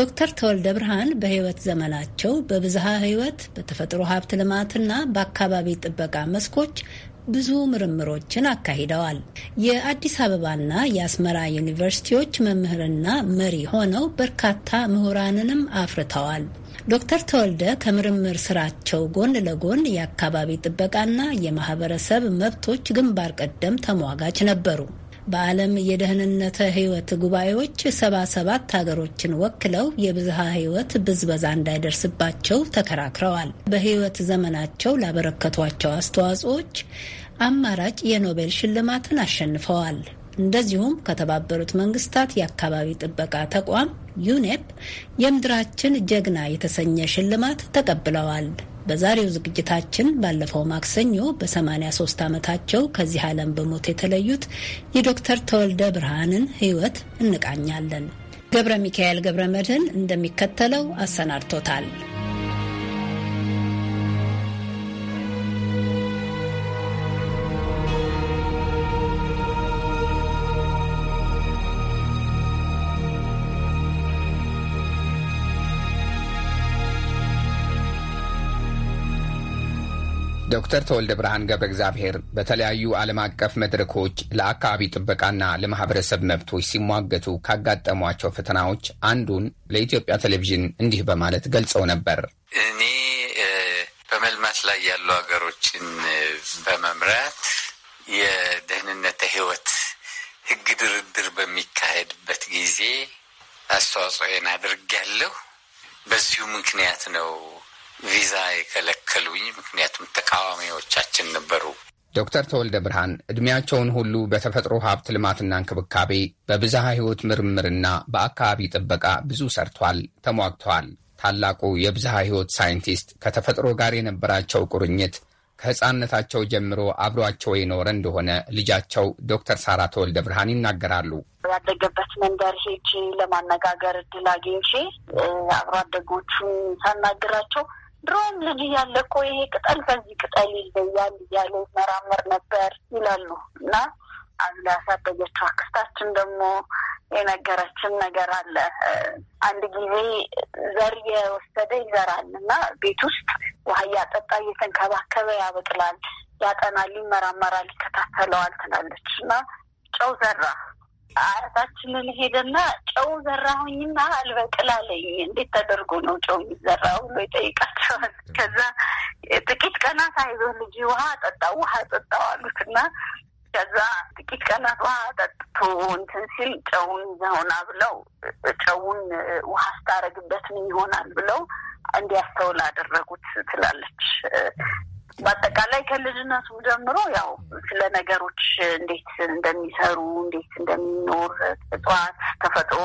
ዶክተር ተወልደ ብርሃን በህይወት ዘመናቸው በብዝሃ ሕይወት፣ በተፈጥሮ ሀብት ልማትና በአካባቢ ጥበቃ መስኮች ብዙ ምርምሮችን አካሂደዋል። የአዲስ አበባና የአስመራ ዩኒቨርሲቲዎች መምህርና መሪ ሆነው በርካታ ምሁራንንም አፍርተዋል። ዶክተር ተወልደ ከምርምር ስራቸው ጎን ለጎን የአካባቢ ጥበቃና የማህበረሰብ መብቶች ግንባር ቀደም ተሟጋች ነበሩ። በዓለም የደህንነት ሕይወት ጉባኤዎች ሰባ ሰባት ሀገሮችን ወክለው የብዝሃ ሕይወት ብዝበዛ እንዳይደርስባቸው ተከራክረዋል። በህይወት ዘመናቸው ላበረከቷቸው አስተዋጽኦዎች አማራጭ የኖቤል ሽልማትን አሸንፈዋል። እንደዚሁም ከተባበሩት መንግስታት የአካባቢ ጥበቃ ተቋም ዩኔፕ የምድራችን ጀግና የተሰኘ ሽልማት ተቀብለዋል። በዛሬው ዝግጅታችን ባለፈው ማክሰኞ በ83 ዓመታቸው ከዚህ ዓለም በሞት የተለዩት የዶክተር ተወልደ ብርሃንን ህይወት እንቃኛለን። ገብረ ሚካኤል ገብረ መድህን እንደሚከተለው አሰናድቶታል። ዶክተር ተወልደ ብርሃን ገብረ እግዚአብሔር በተለያዩ ዓለም አቀፍ መድረኮች ለአካባቢ ጥበቃና ለማህበረሰብ መብቶች ሲሟገቱ ካጋጠሟቸው ፈተናዎች አንዱን ለኢትዮጵያ ቴሌቪዥን እንዲህ በማለት ገልጸው ነበር። እኔ በመልማት ላይ ያሉ ሀገሮችን በመምራት የደህንነት ህይወት ህግ ድርድር በሚካሄድበት ጊዜ አስተዋጽኦን አድርጌያለሁ። በዚሁ ምክንያት ነው ቪዛ የከለከሉኝ ምክንያቱም ተቃዋሚዎቻችን ነበሩ። ዶክተር ተወልደ ብርሃን እድሜያቸውን ሁሉ በተፈጥሮ ሀብት ልማትና እንክብካቤ፣ በብዝሃ ህይወት ምርምርና በአካባቢ ጥበቃ ብዙ ሰርቷል፣ ተሟግተዋል። ታላቁ የብዝሃ ህይወት ሳይንቲስት ከተፈጥሮ ጋር የነበራቸው ቁርኝት ከህፃነታቸው ጀምሮ አብሯቸው የኖረ እንደሆነ ልጃቸው ዶክተር ሳራ ተወልደ ብርሃን ይናገራሉ። ያደገበት መንደር ሄጄ ለማነጋገር እድል አግኝቼ አብሮ አደጎቹን ሳናግራቸው ድሮም ልጅ እያለ እኮ ይሄ ቅጠል ከዚህ ቅጠል ይለያል እያለ ይመራመር ነበር ይላሉ እና አዝላ ያሳደገችው አክስታችን ደግሞ የነገረችን ነገር አለ። አንድ ጊዜ ዘር የወሰደ ይዘራል እና ቤት ውስጥ ውሃ እያጠጣ እየተንከባከበ ያበቅላል፣ ያጠናል፣ ይመራመራል፣ ይከታተለዋል ትላለች እና ጨው ዘራ አያታችንን ሄደና ጨው ዘራሁኝና አልበቅል አለኝ። እንዴት ተደርጎ ነው ጨው የሚዘራ ብሎ ይጠይቃቸዋል። ከዛ ጥቂት ቀናት አይዞህ ልጅ ውሃ ጠጣው ውሃ ጠጣው አሉትና ከዛ ጥቂት ቀናት ውሃ ጠጥቶ እንትን ሲል ጨውን ይዘውና ብለው ጨውን ውሃ ስታረግበት ምን ይሆናል ብለው እንዲያስተውል አደረጉት ትላለች በአጠቃላይ ከልጅነቱ ጀምሮ ያው ስለ ነገሮች እንዴት እንደሚሰሩ እንዴት እንደሚኖር እጽዋት፣ ተፈጥሮ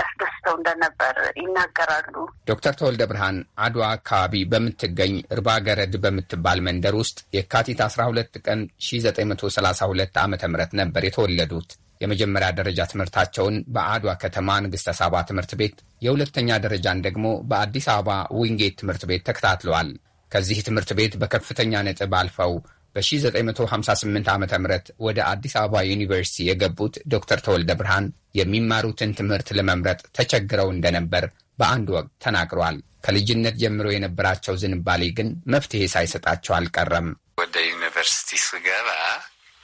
ያስደስተው እንደነበር ይናገራሉ። ዶክተር ተወልደ ብርሃን አድዋ አካባቢ በምትገኝ እርባ ገረድ በምትባል መንደር ውስጥ የካቲት 12 ቀን 1932 ዓ ም ነበር የተወለዱት። የመጀመሪያ ደረጃ ትምህርታቸውን በአድዋ ከተማ ንግሥተ ሳባ ትምህርት ቤት፣ የሁለተኛ ደረጃን ደግሞ በአዲስ አበባ ዊንጌት ትምህርት ቤት ተከታትለዋል። ከዚህ ትምህርት ቤት በከፍተኛ ነጥብ አልፈው በ1958 ዓ ም ወደ አዲስ አበባ ዩኒቨርሲቲ የገቡት ዶክተር ተወልደ ብርሃን የሚማሩትን ትምህርት ለመምረጥ ተቸግረው እንደነበር በአንድ ወቅት ተናግሯል። ከልጅነት ጀምሮ የነበራቸው ዝንባሌ ግን መፍትሄ ሳይሰጣቸው አልቀረም። ወደ ዩኒቨርሲቲ ስገባ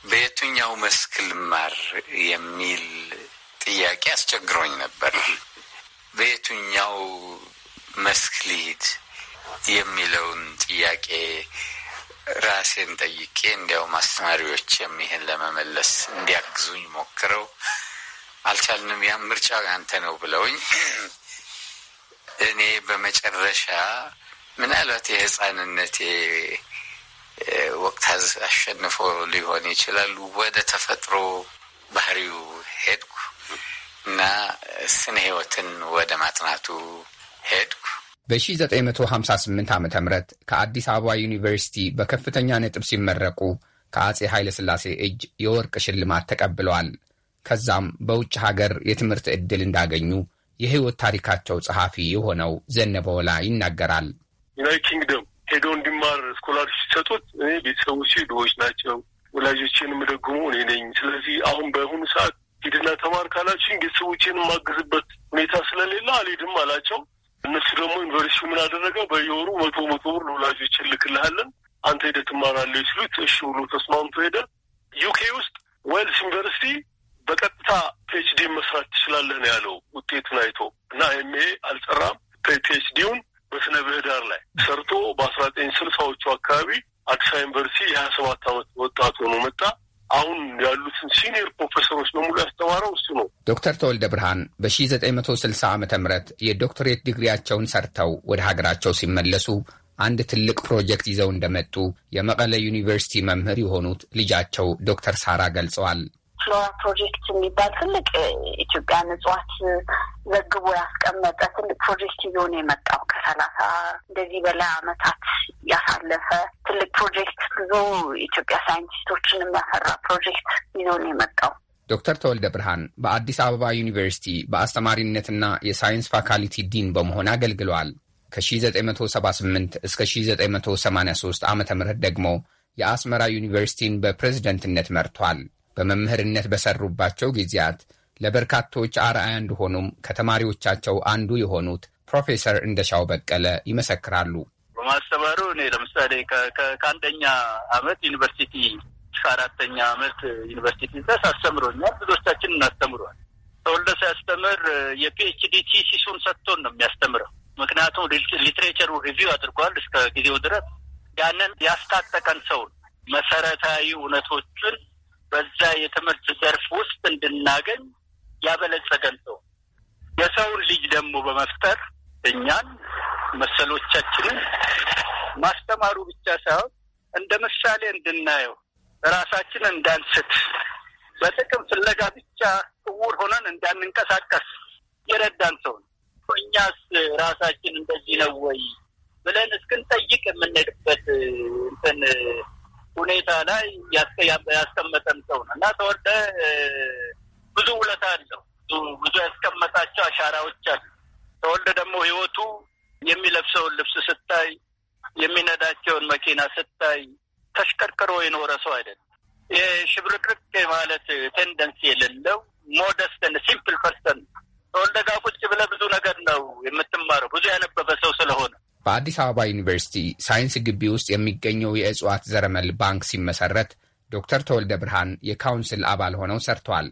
በየትኛው መስክ ልማር የሚል ጥያቄ አስቸግሮኝ ነበር። በየትኛው መስክ ልሂድ የሚለውን ጥያቄ ራሴን ጠይቄ እንዲያውም አስተማሪዎች ይህን ለመመለስ እንዲያግዙኝ ሞክረው አልቻልንም። ያም ምርጫ አንተ ነው ብለውኝ እኔ በመጨረሻ ምናልባት የህፃንነቴ ወቅት አሸንፎ ሊሆን ይችላል ወደ ተፈጥሮ ባህሪው ሄድኩ እና ስነ ህይወትን ወደ ማጥናቱ ሄድኩ። በ1958 ዓ ም ከአዲስ አበባ ዩኒቨርሲቲ በከፍተኛ ነጥብ ሲመረቁ ከአጼ ኃይለሥላሴ እጅ የወርቅ ሽልማት ተቀብለዋል። ከዛም በውጭ ሀገር የትምህርት ዕድል እንዳገኙ የሕይወት ታሪካቸው ጸሐፊ የሆነው ዘነበ ወላ ይናገራል። ዩናይት ኪንግደም ሄዶ እንዲማር ስኮላርሽፕ ሲሰጡት እኔ ቤተሰቦቼ ድሆች ናቸው፣ ወላጆችን የምደግሙ እኔ ነኝ። ስለዚህ አሁን በአሁኑ ሰዓት ሂድና ተማር ካላችን ቤተሰቦቼን የማግዝበት ሁኔታ ስለሌለ አልሄድም አላቸው። እነሱ ደግሞ ዩኒቨርሲቲ ምን አደረገ በየወሩ መቶ መቶ ብር ለወላጆች እልክልሃለን አንተ ሄደህ ትማራለህ ሲሉት እሺ ብሎ ተስማምቶ ሄደ። ዩኬ ውስጥ ዌልስ ዩኒቨርሲቲ በቀጥታ ፒኤችዲ መስራት ትችላለህ ነው ያለው ውጤቱን አይቶ እና ኤምኤ ኤ አልጠራም ፒኤችዲውን በስነ ምህዳር ላይ ሰርቶ በአስራ ዘጠኝ ስልሳዎቹ አካባቢ አዲስ ዩኒቨርሲቲ የሀያ ሰባት አመት ወጣት ሆኖ መጣ። አሁን ያሉትን ሲኒየር ፕሮፌሰሮች በሙሉ ያስተማረው እሱ ነው። ዶክተር ተወልደ ብርሃን በ1960 ዓ ም የዶክተሬት ዲግሪያቸውን ሰርተው ወደ ሀገራቸው ሲመለሱ አንድ ትልቅ ፕሮጀክት ይዘው እንደመጡ የመቀለ ዩኒቨርሲቲ መምህር የሆኑት ልጃቸው ዶክተር ሳራ ገልጸዋል። ፍሎራ ፕሮጀክት የሚባል ትልቅ ኢትዮጵያን እጽዋት ዘግቦ ያስቀመጠ ትልቅ ፕሮጀክት እየሆነ የመጣው። ከሰላሳ እንደዚህ በላይ አመታት ያሳለፈ ትልቅ ፕሮጀክት ብዙ ኢትዮጵያ ሳይንቲስቶችን የሚያፈራ ፕሮጀክት ይዞን የመጣው። ዶክተር ተወልደ ብርሃን በአዲስ አበባ ዩኒቨርሲቲ በአስተማሪነትና የሳይንስ ፋካሊቲ ዲን በመሆን አገልግለዋል። ከ1978 እስከ 1983 ዓ ም ደግሞ የአስመራ ዩኒቨርሲቲን በፕሬዝደንትነት መርቷል። በመምህርነት በሰሩባቸው ጊዜያት ለበርካቶች አርአያ እንደሆኑም ከተማሪዎቻቸው አንዱ የሆኑት ፕሮፌሰር እንደሻው በቀለ ይመሰክራሉ። በማስተማሩ እኔ ለምሳሌ ከአንደኛ ዓመት ዩኒቨርሲቲ ከአራተኛ አመት ዩኒቨርሲቲ ድረስ አስተምሮኛል። ብዙዎቻችን እናስተምሯል። ተወልደ ሲያስተምር የፒኤችዲ ቲሲሱን ሰጥቶን ነው የሚያስተምረው። ምክንያቱም ሊትሬቸሩ ሪቪው አድርጓል እስከ ጊዜው ድረስ ያንን ያስታጠቀን ሰውን መሰረታዊ እውነቶችን በዛ የትምህርት ዘርፍ ውስጥ እንድናገኝ ያበለጸገን ሰው የሰውን ልጅ ደግሞ በመፍጠር እኛን መሰሎቻችንን ማስተማሩ ብቻ ሳይሆን እንደ ምሳሌ እንድናየው ራሳችን እንዳንስት በጥቅም ፍለጋ ብቻ እውር ሆነን እንዳንንቀሳቀስ የረዳን ሰው ነው። እኛስ ራሳችን እንደዚህ ነው ወይ ብለን እስክንጠይቅ የምንሄድበት እንትን ሁኔታ ላይ ያስቀመጠን ሰው ነው እና ተወልደ ብዙ ውለታ አለው። ብዙ ያስቀመጣቸው አሻራዎች አሉ። ተወልደ ደግሞ ህይወቱ የሚለብሰውን ልብስ ስታይ፣ የሚነዳቸውን መኪና ስታይ ተሽከርክሮ የኖረ ሰው አይደለም። የሽብርቅርቅ ማለት ቴንደንሲ የሌለው ሞደስት ሲምፕል ፐርሰን ተወልደ ጋ ቁጭ ብለህ ብዙ ነገር ነው የምትማረው ብዙ ያነበበ ሰው ስለሆነ በአዲስ አበባ ዩኒቨርሲቲ ሳይንስ ግቢ ውስጥ የሚገኘው የእጽዋት ዘረመል ባንክ ሲመሰረት ዶክተር ተወልደ ብርሃን የካውንስል አባል ሆነው ሰርተዋል።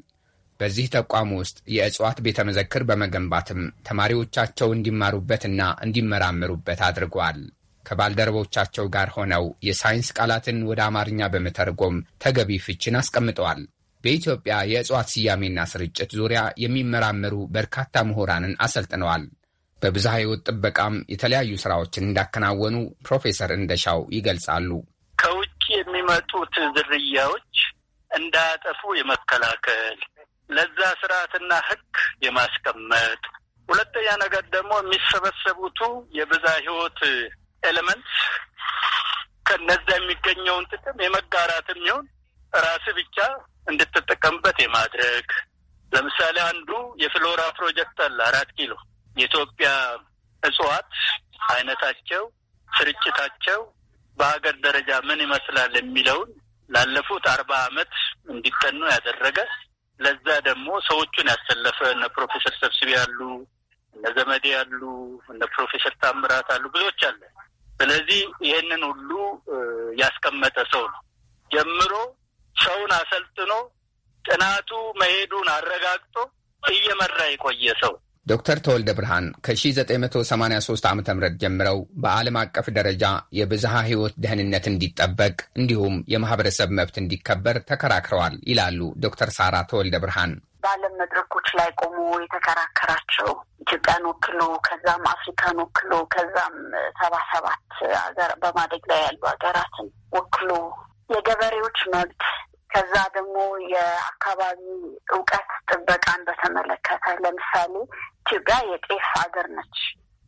በዚህ ተቋም ውስጥ የእጽዋት ቤተ መዘክር በመገንባትም ተማሪዎቻቸው እንዲማሩበትና እንዲመራመሩበት አድርጓል። ከባልደረቦቻቸው ጋር ሆነው የሳይንስ ቃላትን ወደ አማርኛ በመተርጎም ተገቢ ፍችን አስቀምጠዋል። በኢትዮጵያ የእጽዋት ስያሜና ስርጭት ዙሪያ የሚመራመሩ በርካታ ምሁራንን አሰልጥነዋል። በብዝሃ ሕይወት ጥበቃም የተለያዩ ስራዎችን እንዳከናወኑ ፕሮፌሰር እንደሻው ይገልጻሉ። ከውጭ የሚመጡት ዝርያዎች እንዳያጠፉ የመከላከል ለዛ ስርዓትና ሕግ የማስቀመጥ ሁለተኛ ነገር ደግሞ የሚሰበሰቡቱ የብዝሃ ሕይወት ኤሌመንት ከነዛ የሚገኘውን ጥቅም የመጋራትም ይሁን ራስ ብቻ እንድትጠቀምበት የማድረግ ለምሳሌ አንዱ የፍሎራ ፕሮጀክት አለ አራት ኪሎ የኢትዮጵያ እጽዋት አይነታቸው፣ ስርጭታቸው በሀገር ደረጃ ምን ይመስላል የሚለውን ላለፉት አርባ አመት እንዲጠኑ ያደረገ ለዛ ደግሞ ሰዎቹን ያሰለፈ እነ ፕሮፌሰር ሰብስቤ ያሉ እነ ዘመዴ ያሉ እነ ፕሮፌሰር ታምራት አሉ ብዙዎች አለ። ስለዚህ ይህንን ሁሉ ያስቀመጠ ሰው ነው ጀምሮ ሰውን አሰልጥኖ ጥናቱ መሄዱን አረጋግጦ እየመራ የቆየ ሰው ዶክተር ተወልደ ብርሃን ከ1983 ዓ ም ጀምረው በዓለም አቀፍ ደረጃ የብዝሃ ሕይወት ደህንነት እንዲጠበቅ እንዲሁም የማህበረሰብ መብት እንዲከበር ተከራክረዋል ይላሉ ዶክተር ሳራ ተወልደ ብርሃን። በዓለም መድረኮች ላይ ቆሞ የተከራከራቸው ኢትዮጵያን ወክሎ ከዛም አፍሪካን ወክሎ ከዛም ሰባ ሰባት በማደግ ላይ ያሉ ሀገራትን ወክሎ የገበሬዎች መብት ከዛ ደግሞ የአካባቢ እውቀት ጥበቃን በተመለከተ ለምሳሌ ኢትዮጵያ የጤፍ ሀገር ነች።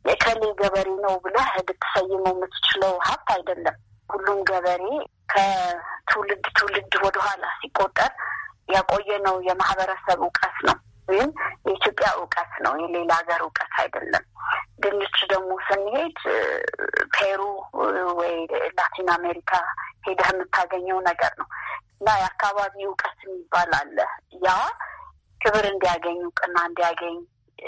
የከሌ ገበሬ ነው ብለህ ልትሰይመው የምትችለው ሀብት አይደለም። ሁሉም ገበሬ ከትውልድ ትውልድ ወደኋላ ሲቆጠር ያቆየነው የማህበረሰብ እውቀት ነው ወይም የኢትዮጵያ እውቀት ነው፣ የሌላ ሀገር እውቀት አይደለም። ድንች ደግሞ ስንሄድ ፔሩ ወይ ላቲን አሜሪካ ሄደህ የምታገኘው ነገር ነው። እና የአካባቢ እውቀት የሚባል አለ። ያ ክብር እንዲያገኝ እውቅና እንዲያገኝ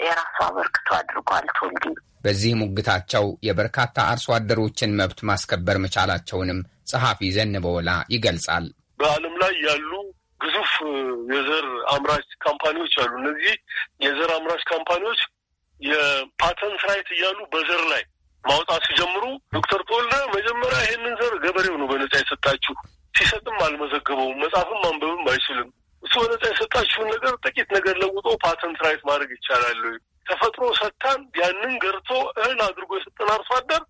የራሱ አበርክቶ አድርጓል። ቶልዲ በዚህ ሙግታቸው የበርካታ አርሶ አደሮችን መብት ማስከበር መቻላቸውንም ጸሐፊ ዘንበወላ ይገልጻል። በዓለም ላይ ያሉ ግዙፍ የዘር አምራች ካምፓኒዎች አሉ። እነዚህ የዘር አምራች ካምፓኒዎች የፓተንት ራይት እያሉ በዘር ላይ ማውጣት ሲጀምሩ ዶክተር ተወልደ መጀመሪያ ይሄንን ዘር ገበሬው ነው በነጻ የሰጣችሁ ሲሰጥም አልመዘገበውም፣ መጽሐፍም አንበብም አይችልም። እሱ በነጻ የሰጣችሁን ነገር ጥቂት ነገር ለውጦ ፓተንት ራይት ማድረግ ይቻላል። ተፈጥሮ ሰጥታን ያንን ገርቶ እህል አድርጎ የሰጠን አርሶ አደር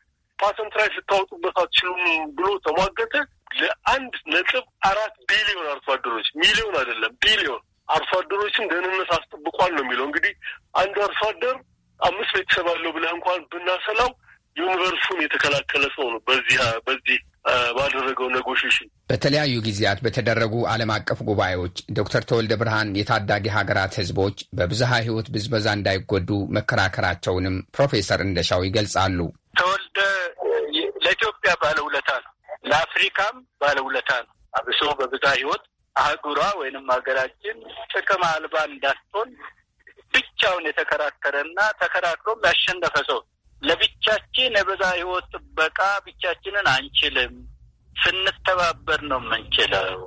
ፓተንት ራይት ልታወጡበት አትችሉም ብሎ ተሟገተ። ለአንድ ነጥብ አራት ቢሊዮን አርሶ አደሮች ሚሊዮን አይደለም ቢሊዮን አርሶ አደሮችን ደህንነት አስጠብቋል ነው የሚለው። እንግዲህ አንድ አርሶ አደር አምስት ቤተሰብ አለው ብለህ እንኳን ብናሰላው ዩኒቨርሱን የተከላከለ ሰው ነው በዚህ በዚህ ባደረገው ኔጎሽሽን በተለያዩ ጊዜያት በተደረጉ ዓለም አቀፍ ጉባኤዎች ዶክተር ተወልደ ብርሃን የታዳጊ ሀገራት ህዝቦች በብዝሃ ህይወት ብዝበዛ እንዳይጎዱ መከራከራቸውንም ፕሮፌሰር እንደሻው ይገልጻሉ። ተወልደ ለኢትዮጵያ ባለውለታ ነው፣ ለአፍሪካም ባለውለታ ነው። አብሶ በብዝሃ ህይወት አህጉሯ ወይንም ሀገራችን ጥቅም አልባ እንዳትሆን ብቻውን የተከራከረና ተከራክሮም ያሸነፈ ሰው ለብቻችን የበዛ ህይወት ጥበቃ ብቻችንን አንችልም። ስንተባበር ነው የምንችለው።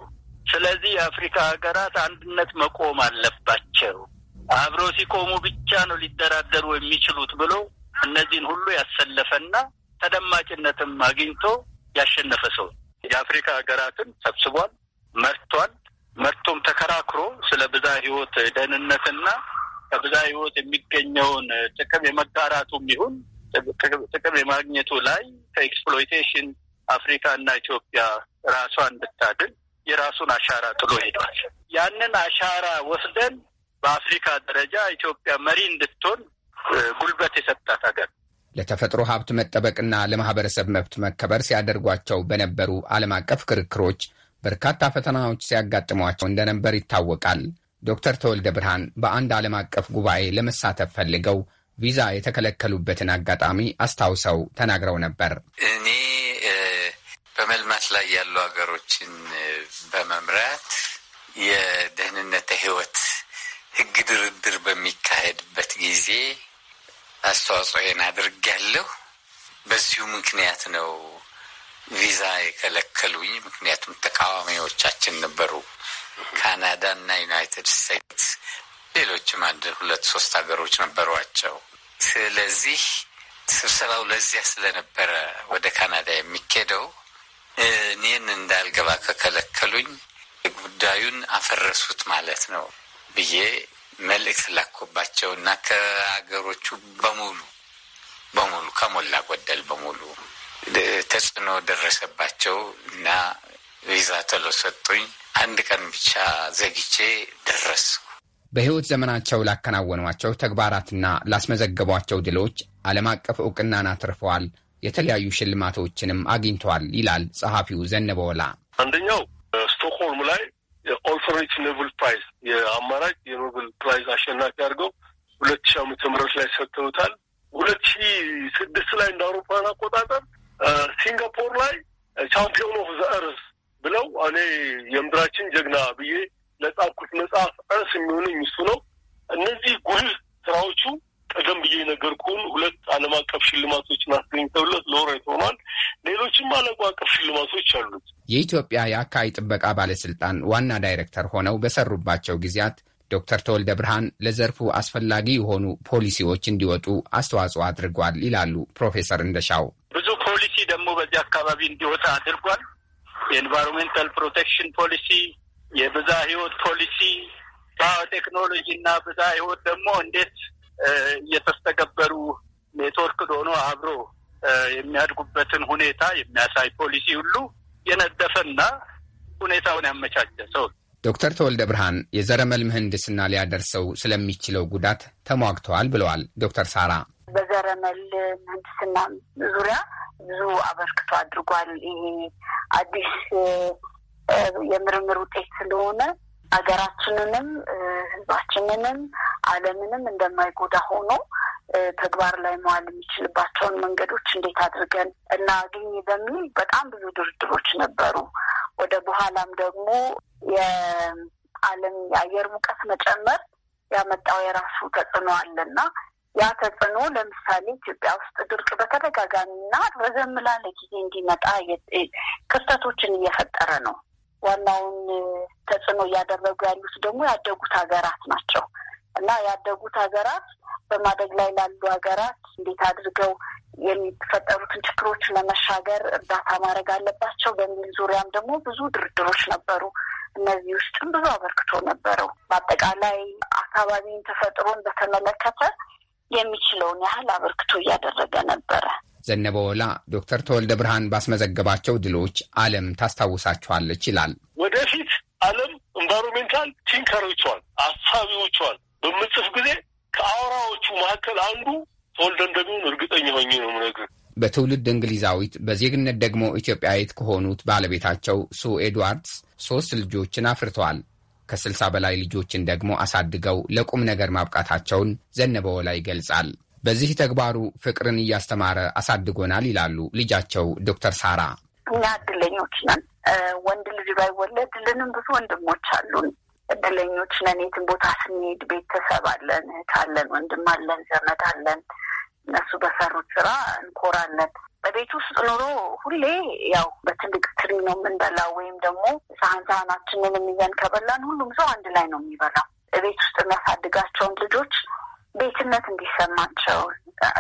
ስለዚህ የአፍሪካ ሀገራት አንድነት መቆም አለባቸው። አብረው ሲቆሙ ብቻ ነው ሊደራደሩ የሚችሉት ብሎ እነዚህን ሁሉ ያሰለፈና ተደማጭነትም አግኝቶ ያሸነፈ ሰው የአፍሪካ ሀገራትን ሰብስቧል፣ መርቷል። መርቶም ተከራክሮ ስለ ብዛ ህይወት ደህንነትና ከብዛ ህይወት የሚገኘውን ጥቅም የመጋራቱም ይሁን ጥቅም የማግኘቱ ላይ ከኤክስፕሎይቴሽን አፍሪካ እና ኢትዮጵያ ራሷን እንድታድል የራሱን አሻራ ጥሎ ሄዷል። ያንን አሻራ ወስደን በአፍሪካ ደረጃ ኢትዮጵያ መሪ እንድትሆን ጉልበት የሰጣት ሀገር ለተፈጥሮ ሀብት መጠበቅና ለማህበረሰብ መብት መከበር ሲያደርጓቸው በነበሩ ዓለም አቀፍ ክርክሮች በርካታ ፈተናዎች ሲያጋጥሟቸው እንደነበር ይታወቃል። ዶክተር ተወልደ ብርሃን በአንድ ዓለም አቀፍ ጉባኤ ለመሳተፍ ፈልገው ቪዛ የተከለከሉበትን አጋጣሚ አስታውሰው ተናግረው ነበር። እኔ በመልማት ላይ ያሉ ሀገሮችን በመምራት የደህንነት ህይወት ህግ ድርድር በሚካሄድበት ጊዜ አስተዋጽኦን አድርጌያለሁ። በዚሁ ምክንያት ነው ቪዛ የከለከሉኝ። ምክንያቱም ተቃዋሚዎቻችን ነበሩ። ካናዳ እና ዩናይትድ ስቴትስ ሌሎችም አንድ ሁለት ሶስት ሀገሮች ነበሯቸው። ስለዚህ ስብሰባው ለዚያ ስለነበረ ወደ ካናዳ የሚኬደው እኔን እንዳልገባ ከከለከሉኝ ጉዳዩን አፈረሱት ማለት ነው ብዬ መልእክት ላኮባቸው እና ከሀገሮቹ በሙሉ በሙሉ ከሞላ ጎደል በሙሉ ተጽዕኖ ደረሰባቸው እና ቪዛ ተሎ ሰጡኝ። አንድ ቀን ብቻ ዘግቼ ደረስኩ። በሕይወት ዘመናቸው ላከናወኗቸው ተግባራትና ላስመዘገቧቸው ድሎች ዓለም አቀፍ እውቅናን አትርፈዋል፣ የተለያዩ ሽልማቶችንም አግኝተዋል ይላል ጸሐፊው ዘነበወላ። አንደኛው ስቶክሆልም ላይ የኦልፈሬች ኖብል ፕራይዝ የአማራጭ የኖብል ፕራይዝ አሸናፊ አድርገው ሁለት ሺ ዓመተ ምህረት ላይ ሰጥተውታል። ሁለት ሺ ስድስት ላይ እንደ አውሮፓን አቆጣጠር ሲንጋፖር ላይ ቻምፒዮን ኦፍ ዘ እርዝ ብለው እኔ የምድራችን ጀግና ብዬ ለጻፍኩት መጽሐፍ እርስ የሚሆነኝ እሱ ነው። እነዚህ ጉልህ ስራዎቹ ቀደም ብዬ ኩን ሁለት ዓለም አቀፍ ሽልማቶችን አስገኝተውለት ሎሬት ሆኗል። ሌሎችም ዓለም አቀፍ ሽልማቶች አሉት። የኢትዮጵያ የአካባቢ ጥበቃ ባለስልጣን ዋና ዳይሬክተር ሆነው በሰሩባቸው ጊዜያት ዶክተር ተወልደ ብርሃን ለዘርፉ አስፈላጊ የሆኑ ፖሊሲዎች እንዲወጡ አስተዋጽኦ አድርጓል ይላሉ ፕሮፌሰር እንደሻው። ብዙ ፖሊሲ ደግሞ በዚህ አካባቢ እንዲወጣ አድርጓል። የኤንቫይሮንሜንታል ፕሮቴክሽን ፖሊሲ የብዛ ህይወት ፖሊሲ ቴክኖሎጂ እና ብዛ ህይወት ደግሞ እንዴት እየተስተገበሩ ኔትወርክ ሆኖ አብሮ የሚያድጉበትን ሁኔታ የሚያሳይ ፖሊሲ ሁሉ የነደፈና ሁኔታውን ያመቻቸ ሰው ዶክተር ተወልደ ብርሃን የዘረመል ምህንድስና ሊያደርሰው ስለሚችለው ጉዳት ተሟግተዋል ብለዋል። ዶክተር ሳራ በዘረመል ምህንድስና ዙሪያ ብዙ አበርክቶ አድርጓል። ይሄ አዲስ የምርምር ውጤት ስለሆነ ሀገራችንንም ህዝባችንንም ዓለምንም እንደማይጎዳ ሆኖ ተግባር ላይ መዋል የሚችልባቸውን መንገዶች እንዴት አድርገን እናግኝ በሚል በጣም ብዙ ድርድሮች ነበሩ። ወደ በኋላም ደግሞ የዓለም የአየር ሙቀት መጨመር ያመጣው የራሱ ተጽዕኖ አለና ያ ተጽዕኖ ለምሳሌ ኢትዮጵያ ውስጥ ድርቅ በተደጋጋሚና ረዘም ላለ ጊዜ እንዲመጣ ክፍተቶችን እየፈጠረ ነው። ዋናውን ተጽዕኖ እያደረጉ ያሉት ደግሞ ያደጉት ሀገራት ናቸው እና ያደጉት ሀገራት በማደግ ላይ ላሉ ሀገራት እንዴት አድርገው የሚፈጠሩትን ችግሮች ለመሻገር እርዳታ ማድረግ አለባቸው በሚል ዙሪያም ደግሞ ብዙ ድርድሮች ነበሩ። እነዚህ ውስጥም ብዙ አበርክቶ ነበረው። በአጠቃላይ አካባቢን፣ ተፈጥሮን በተመለከተ የሚችለውን ያህል አበርክቶ እያደረገ ነበረ። ዘነበ ወላ ዶክተር ተወልደ ብርሃን ባስመዘገባቸው ድሎች ዓለም ታስታውሳቸዋለች ይላል። ወደፊት ዓለም ኤንቫይሮሜንታል ቲንከሮቿን አሳቢዎቿን በምጽፍ ጊዜ ከአውራዎቹ መካከል አንዱ ተወልደ እንደሚሆን እርግጠኛ ሆኜ ነው የምነግርህ። በትውልድ እንግሊዛዊት በዜግነት ደግሞ ኢትዮጵያዊት ከሆኑት ባለቤታቸው ሱ ኤድዋርድስ ሶስት ልጆችን አፍርተዋል። ከስልሳ በላይ ልጆችን ደግሞ አሳድገው ለቁም ነገር ማብቃታቸውን ዘነበ ወላ ይገልጻል። በዚህ ተግባሩ ፍቅርን እያስተማረ አሳድጎናል ይላሉ ልጃቸው ዶክተር ሳራ። እኛ እድለኞች ነን። ወንድ ልጅ ባይወለድልንም ብዙ ወንድሞች አሉን። እድለኞች ነን። የትን ቦታ ስንሄድ ቤተሰብ አለን፣ እህት አለን፣ ወንድም አለን፣ ዘመድ አለን። እነሱ በሰሩት ስራ እንኮራለን። በቤት ውስጥ ኑሮ ሁሌ ያው በትልቅ ትሪ ነው የምንበላው፣ ወይም ደግሞ ሳህን ሳህናችንን የሚዘን ከበላን ሁሉም ሰው አንድ ላይ ነው የሚበላው። ቤት ውስጥ የሚያሳድጋቸውን ልጆች ቤትነት እንዲሰማቸው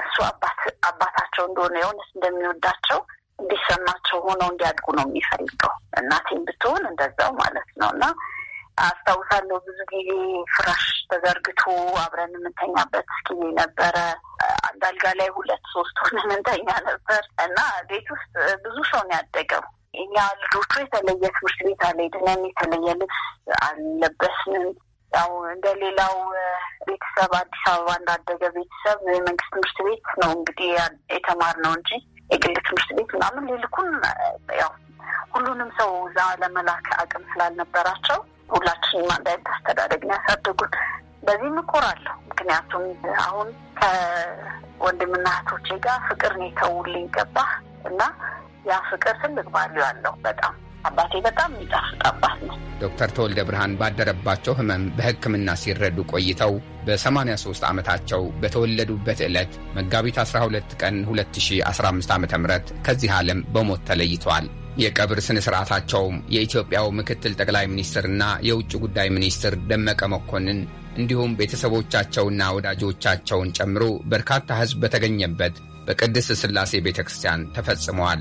እሱ አባት አባታቸው እንደሆነ የእውነት እንደሚወዳቸው እንዲሰማቸው ሆነው እንዲያድጉ ነው የሚፈልገው። እናቴም ብትሆን እንደዛው ማለት ነው እና አስታውሳለሁ ብዙ ጊዜ ፍራሽ ተዘርግቶ አብረን የምንተኛበት ስኪኒ ነበረ። አንድ አልጋ ላይ ሁለት ሶስት ሆነን የምንተኛ ነበር እና ቤት ውስጥ ብዙ ሰው ነው ያደገው። እኛ ልጆቹ የተለየ ትምህርት ቤት አልሄድንም፣ የተለየ ልብስ አልለበስንም። ያው እንደ ሌላው ቤተሰብ አዲስ አበባ እንዳደገ ቤተሰብ የመንግስት ትምህርት ቤት ነው እንግዲህ ነው እንጂ የግል ትምህርት ቤት ምናምን ሊልኩን ያው ሁሉንም ሰው እዛ ለመላክ አቅም ስላልነበራቸው ሁላችንም አንድ አይነት አስተዳደግን ያሳደጉን። በዚህም እኮራለሁ። ምክንያቱም አሁን ከወንድምና እህቶቼ ጋር ፍቅር ነው የተውልኝ ገባ እና ያ ፍቅር ትልቅ ባሉ ያለው በጣም አባቴ በጣም የሚጣፍጥ አባት ነው። ዶክተር ተወልደ ብርሃን ባደረባቸው ህመም በህክምና ሲረዱ ቆይተው በ83 ዓመታቸው በተወለዱበት ዕለት መጋቢት 12 ቀን 2015 ዓ ም ከዚህ ዓለም በሞት ተለይተዋል። የቀብር ስነ ሥርዓታቸውም የኢትዮጵያው ምክትል ጠቅላይ ሚኒስትርና የውጭ ጉዳይ ሚኒስትር ደመቀ መኮንን እንዲሁም ቤተሰቦቻቸውና ወዳጆቻቸውን ጨምሮ በርካታ ሕዝብ በተገኘበት በቅድስት ሥላሴ ቤተ ክርስቲያን ተፈጽመዋል።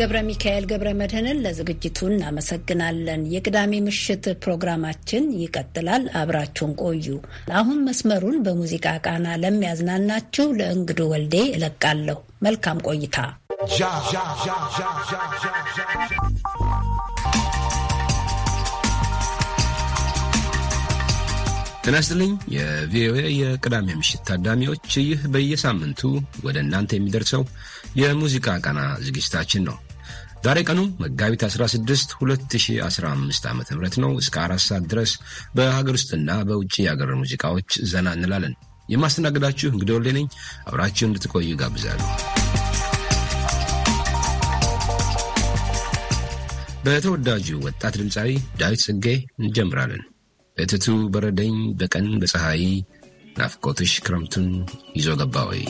ገብረ ሚካኤል ገብረ መድህንን ለዝግጅቱ እናመሰግናለን። የቅዳሜ ምሽት ፕሮግራማችን ይቀጥላል። አብራችሁን ቆዩ። አሁን መስመሩን በሙዚቃ ቃና ለሚያዝናናችሁ ለእንግዱ ወልዴ እለቃለሁ። መልካም ቆይታ። ጤና ይስጥልኝ የቪኦኤ የቅዳሜ ምሽት ታዳሚዎች፣ ይህ በየሳምንቱ ወደ እናንተ የሚደርሰው የሙዚቃ ቃና ዝግጅታችን ነው። ዛሬ ቀኑ መጋቢት 16 2015 ዓ ም ነው። እስከ አራት ሰዓት ድረስ በሀገር ውስጥና በውጭ የአገር ሙዚቃዎች ዘና እንላለን። የማስተናግዳችሁ እንግዲህ ወሌ ነኝ። አብራችሁ እንድትቆዩ ጋብዛሉ። በተወዳጁ ወጣት ድምፃዊ ዳዊት ጽጌ እንጀምራለን። እትቱ በረደኝ በቀን በፀሐይ ናፍቆትሽ ክረምቱን ይዞ ገባ ወይ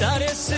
Sarısı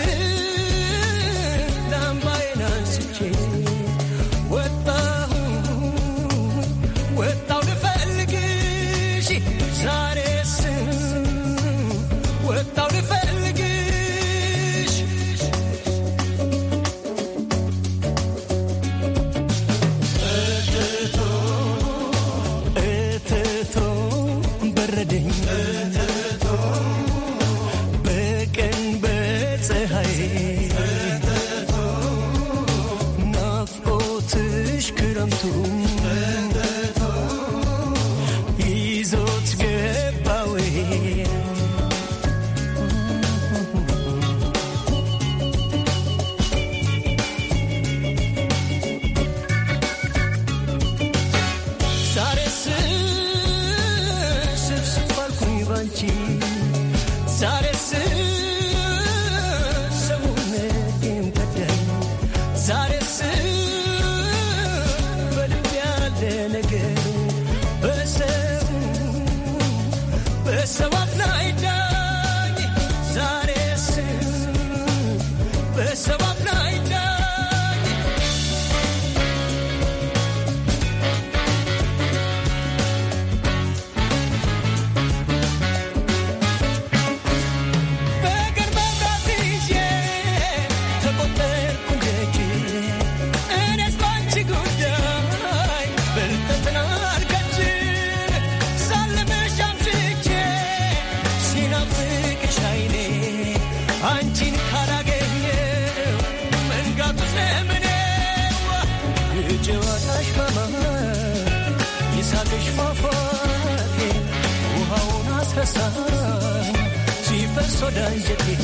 soda jette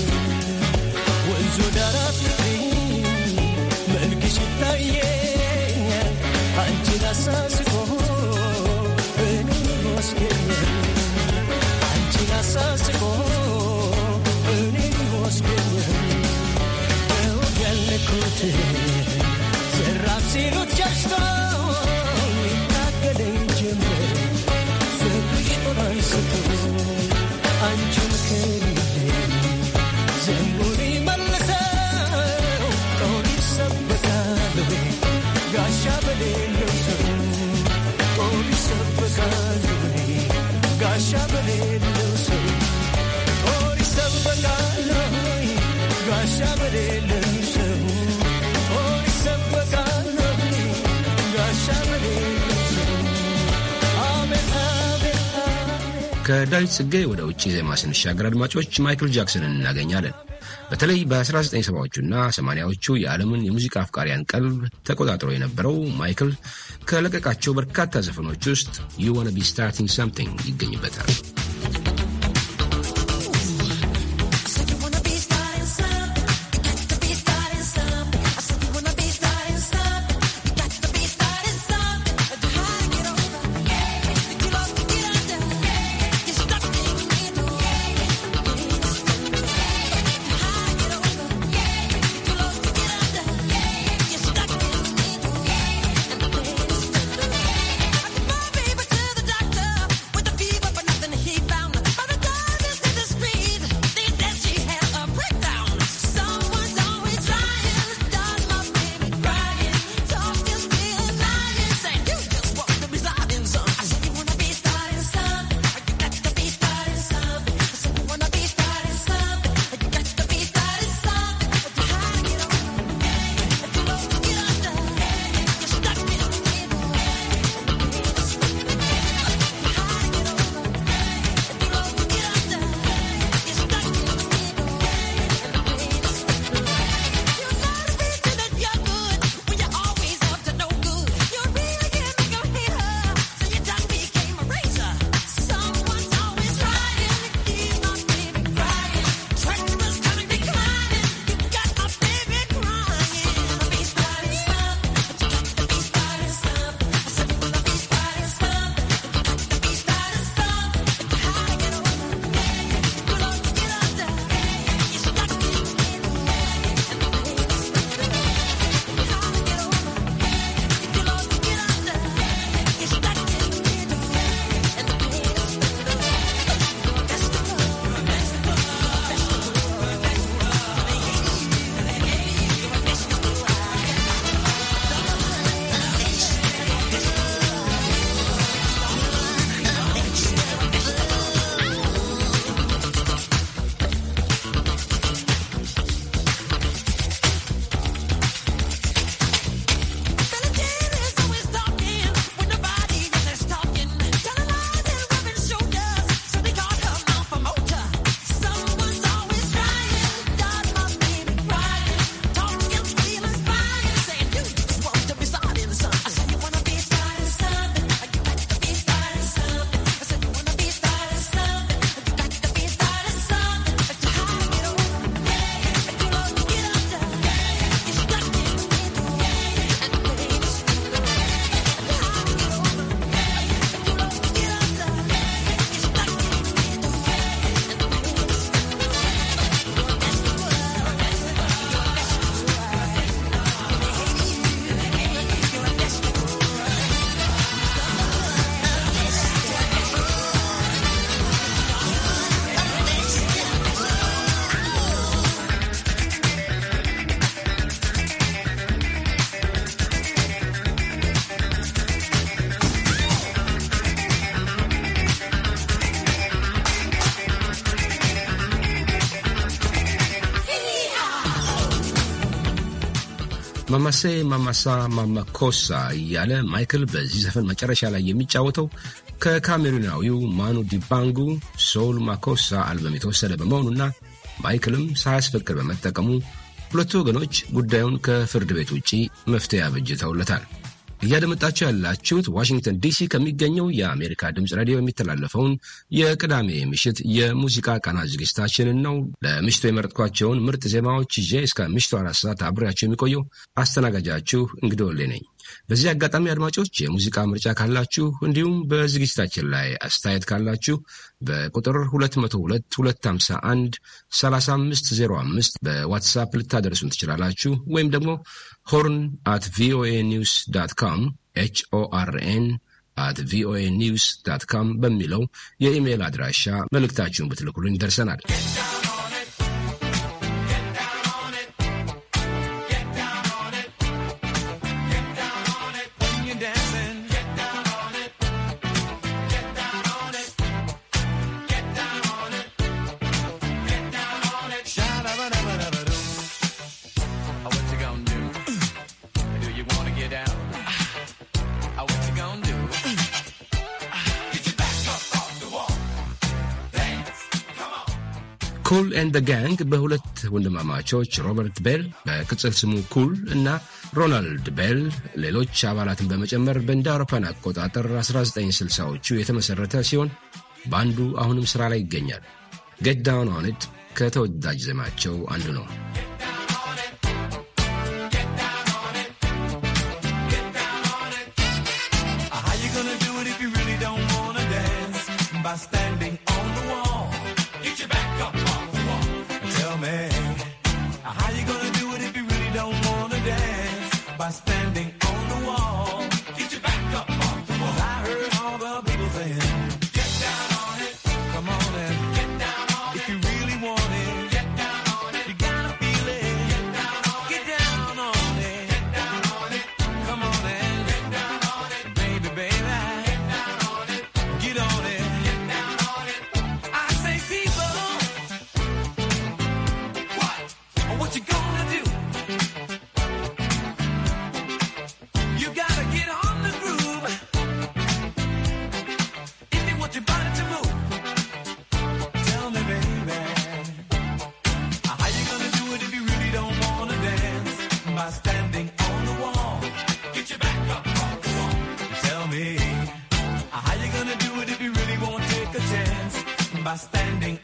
wanzu dara fitri መልክሽ ይታየኛል አንቺን አሳስቶ እኔን ከዳዊት ጽጌ ወደ ውጭ ዜማ ስንሻገር አድማጮች ማይክል ጃክሰንን እናገኛለን። በተለይ በ1970ዎቹና 80ዎቹ የዓለምን የሙዚቃ አፍቃሪያን ቀልብ ተቆጣጥሮ የነበረው ማይክል ከለቀቃቸው በርካታ ዘፈኖች ውስጥ ዩ ዋነ ቢ ስታርቲንግ ሳምቲንግ ይገኝበታል። ማማሴ ማማሳ ማማኮሳ እያለ ማይክል በዚህ ዘፈን መጨረሻ ላይ የሚጫወተው ከካሜሩናዊው ማኑ ዲባንጉ ሶል ማኮሳ አልበም የተወሰደ በመሆኑና ማይክልም ሳያስፈቅድ በመጠቀሙ ሁለቱ ወገኖች ጉዳዩን ከፍርድ ቤት ውጪ መፍትሄ አበጅተውለታል። እያደመጣችሁ ያላችሁት ዋሽንግተን ዲሲ ከሚገኘው የአሜሪካ ድምፅ ሬዲዮ የሚተላለፈውን የቅዳሜ ምሽት የሙዚቃ ቃና ዝግጅታችንን ነው። ለምሽቱ የመረጥኳቸውን ምርጥ ዜማዎች ይዤ እስከ ምሽቱ አራት ሰዓት አብሬያችሁ የሚቆየው አስተናጋጃችሁ እንግዳ ነኝ። በዚህ አጋጣሚ አድማጮች የሙዚቃ ምርጫ ካላችሁ እንዲሁም በዝግጅታችን ላይ አስተያየት ካላችሁ በቁጥር 202251 3505 በዋትሳፕ ልታደርሱን ትችላላችሁ። ወይም ደግሞ ሆርን አት ቪኦኤ ኒውስ ዳት ካም ኤች ኦ አር ኤን አት ቪኦኤ ኒውስ ዳት ካም በሚለው የኢሜይል አድራሻ መልእክታችሁን ብትልኩልን ይደርሰናል። ኤንድ ጋንግ በሁለት ወንድማማቾች ሮበርት ቤል በቅጽል ስሙ ኩል እና ሮናልድ ቤል ሌሎች አባላትን በመጨመር በእንደ አውሮፓን አቆጣጠር 1960ዎቹ የተመሠረተ ሲሆን ባንዱ አሁንም ሥራ ላይ ይገኛል። ጌት ዳውን ኦን ኢት ከተወዳጅ ዜማቸው አንዱ ነው። by standing on the wall. Get your back up on the wall. Tell me, how you gonna do it if you really won't take a chance by standing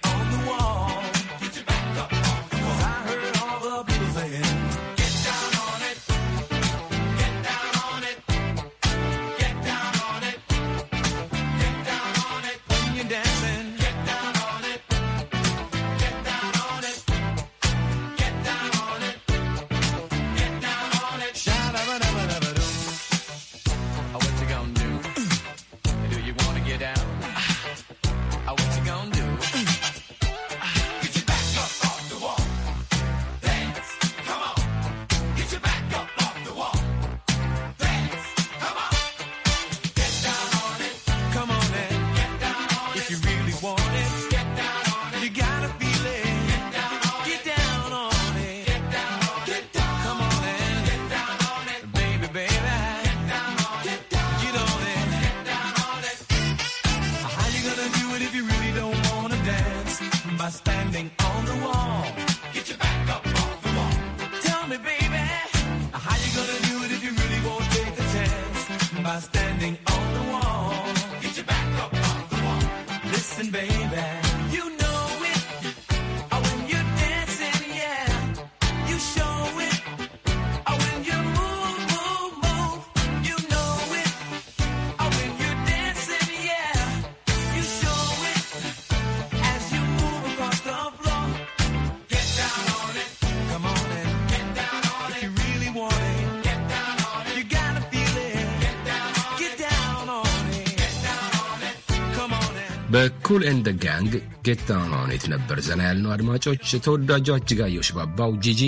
በኩል ኤንድ ጋንግ ጌት ዳውን ነበር ዘና ያልነው። አድማጮች፣ ተወዳጇ እጅጋየሁ ሽባባው ጂጂ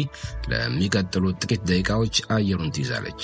ለሚቀጥሉት ጥቂት ደቂቃዎች አየሩን ትይዛለች።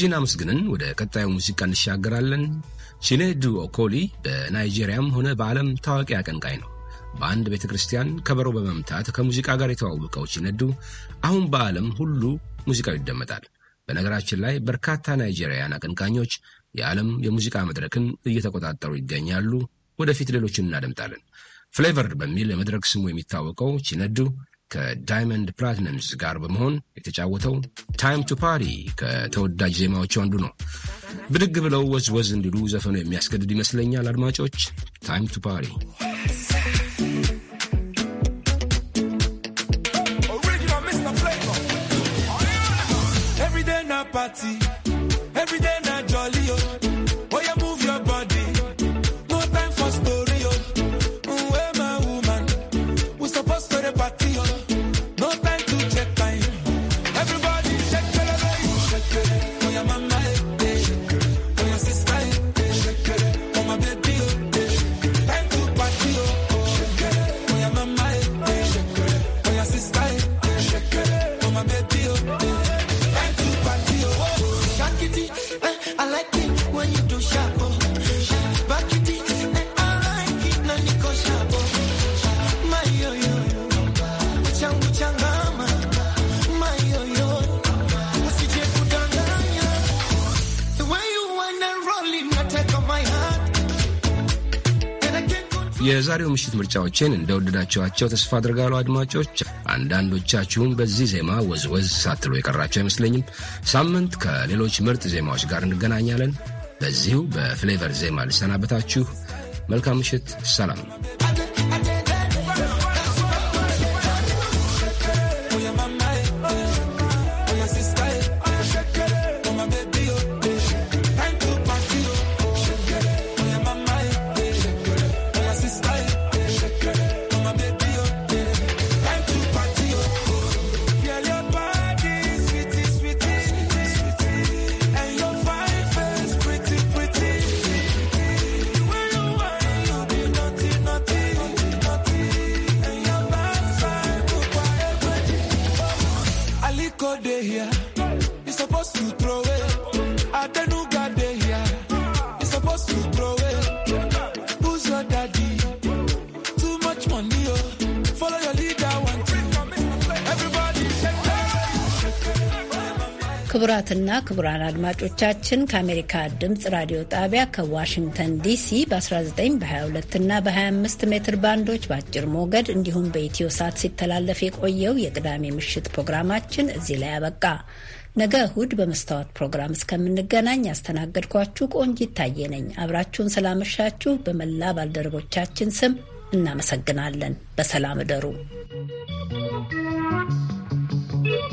ዲጂን አመስግነን ወደ ቀጣዩ ሙዚቃ እንሻገራለን። ቺኔዱ ኦኮሊ በናይጄሪያም ሆነ በዓለም ታዋቂ አቀንቃይ ነው። በአንድ ቤተ ክርስቲያን ከበሮ በመምታት ከሙዚቃ ጋር የተዋወቀው ቺኔዱ አሁን በዓለም ሁሉ ሙዚቃው ይደመጣል። በነገራችን ላይ በርካታ ናይጄሪያን አቀንቃኞች የዓለም የሙዚቃ መድረክን እየተቆጣጠሩ ይገኛሉ። ወደፊት ሌሎችን እናደምጣለን። ፍሌቨር በሚል የመድረክ ስሙ የሚታወቀው ቺነዱ ከዳይመንድ ፕላቲነምስ ጋር በመሆን የተጫወተው ታይም ቱ ፓሪ ከተወዳጅ ዜማዎቹ አንዱ ነው። ብድግ ብለው ወዝ ወዝ እንዲሉ ዘፈኑ የሚያስገድድ ይመስለኛል። አድማጮች፣ ታይም ቱ ፓሪ Party የዛሬው ምሽት ምርጫዎችን እንደወደዳችኋቸው ተስፋ አድርጋሉ አድማጮች። አንዳንዶቻችሁን በዚህ ዜማ ወዝወዝ ሳትሎ የቀራችሁ አይመስለኝም። ሳምንት ከሌሎች ምርጥ ዜማዎች ጋር እንገናኛለን። በዚሁ በፍሌቨር ዜማ ልሰናበታችሁ። መልካም ምሽት። ሰላም። ክቡራትና ክቡራን አድማጮቻችን ከአሜሪካ ድምፅ ራዲዮ ጣቢያ ከዋሽንግተን ዲሲ በ19 በ22 እና በ25 ሜትር ባንዶች በአጭር ሞገድ እንዲሁም በኢትዮ ሳት ሲተላለፍ የቆየው የቅዳሜ ምሽት ፕሮግራማችን እዚህ ላይ አበቃ። ነገ እሁድ በመስታወት ፕሮግራም እስከምንገናኝ ያስተናገድኳችሁ ቆንጅ ይታየ ነኝ። አብራችሁን ስላመሻችሁ በመላ ባልደረቦቻችን ስም እናመሰግናለን። በሰላም እደሩ።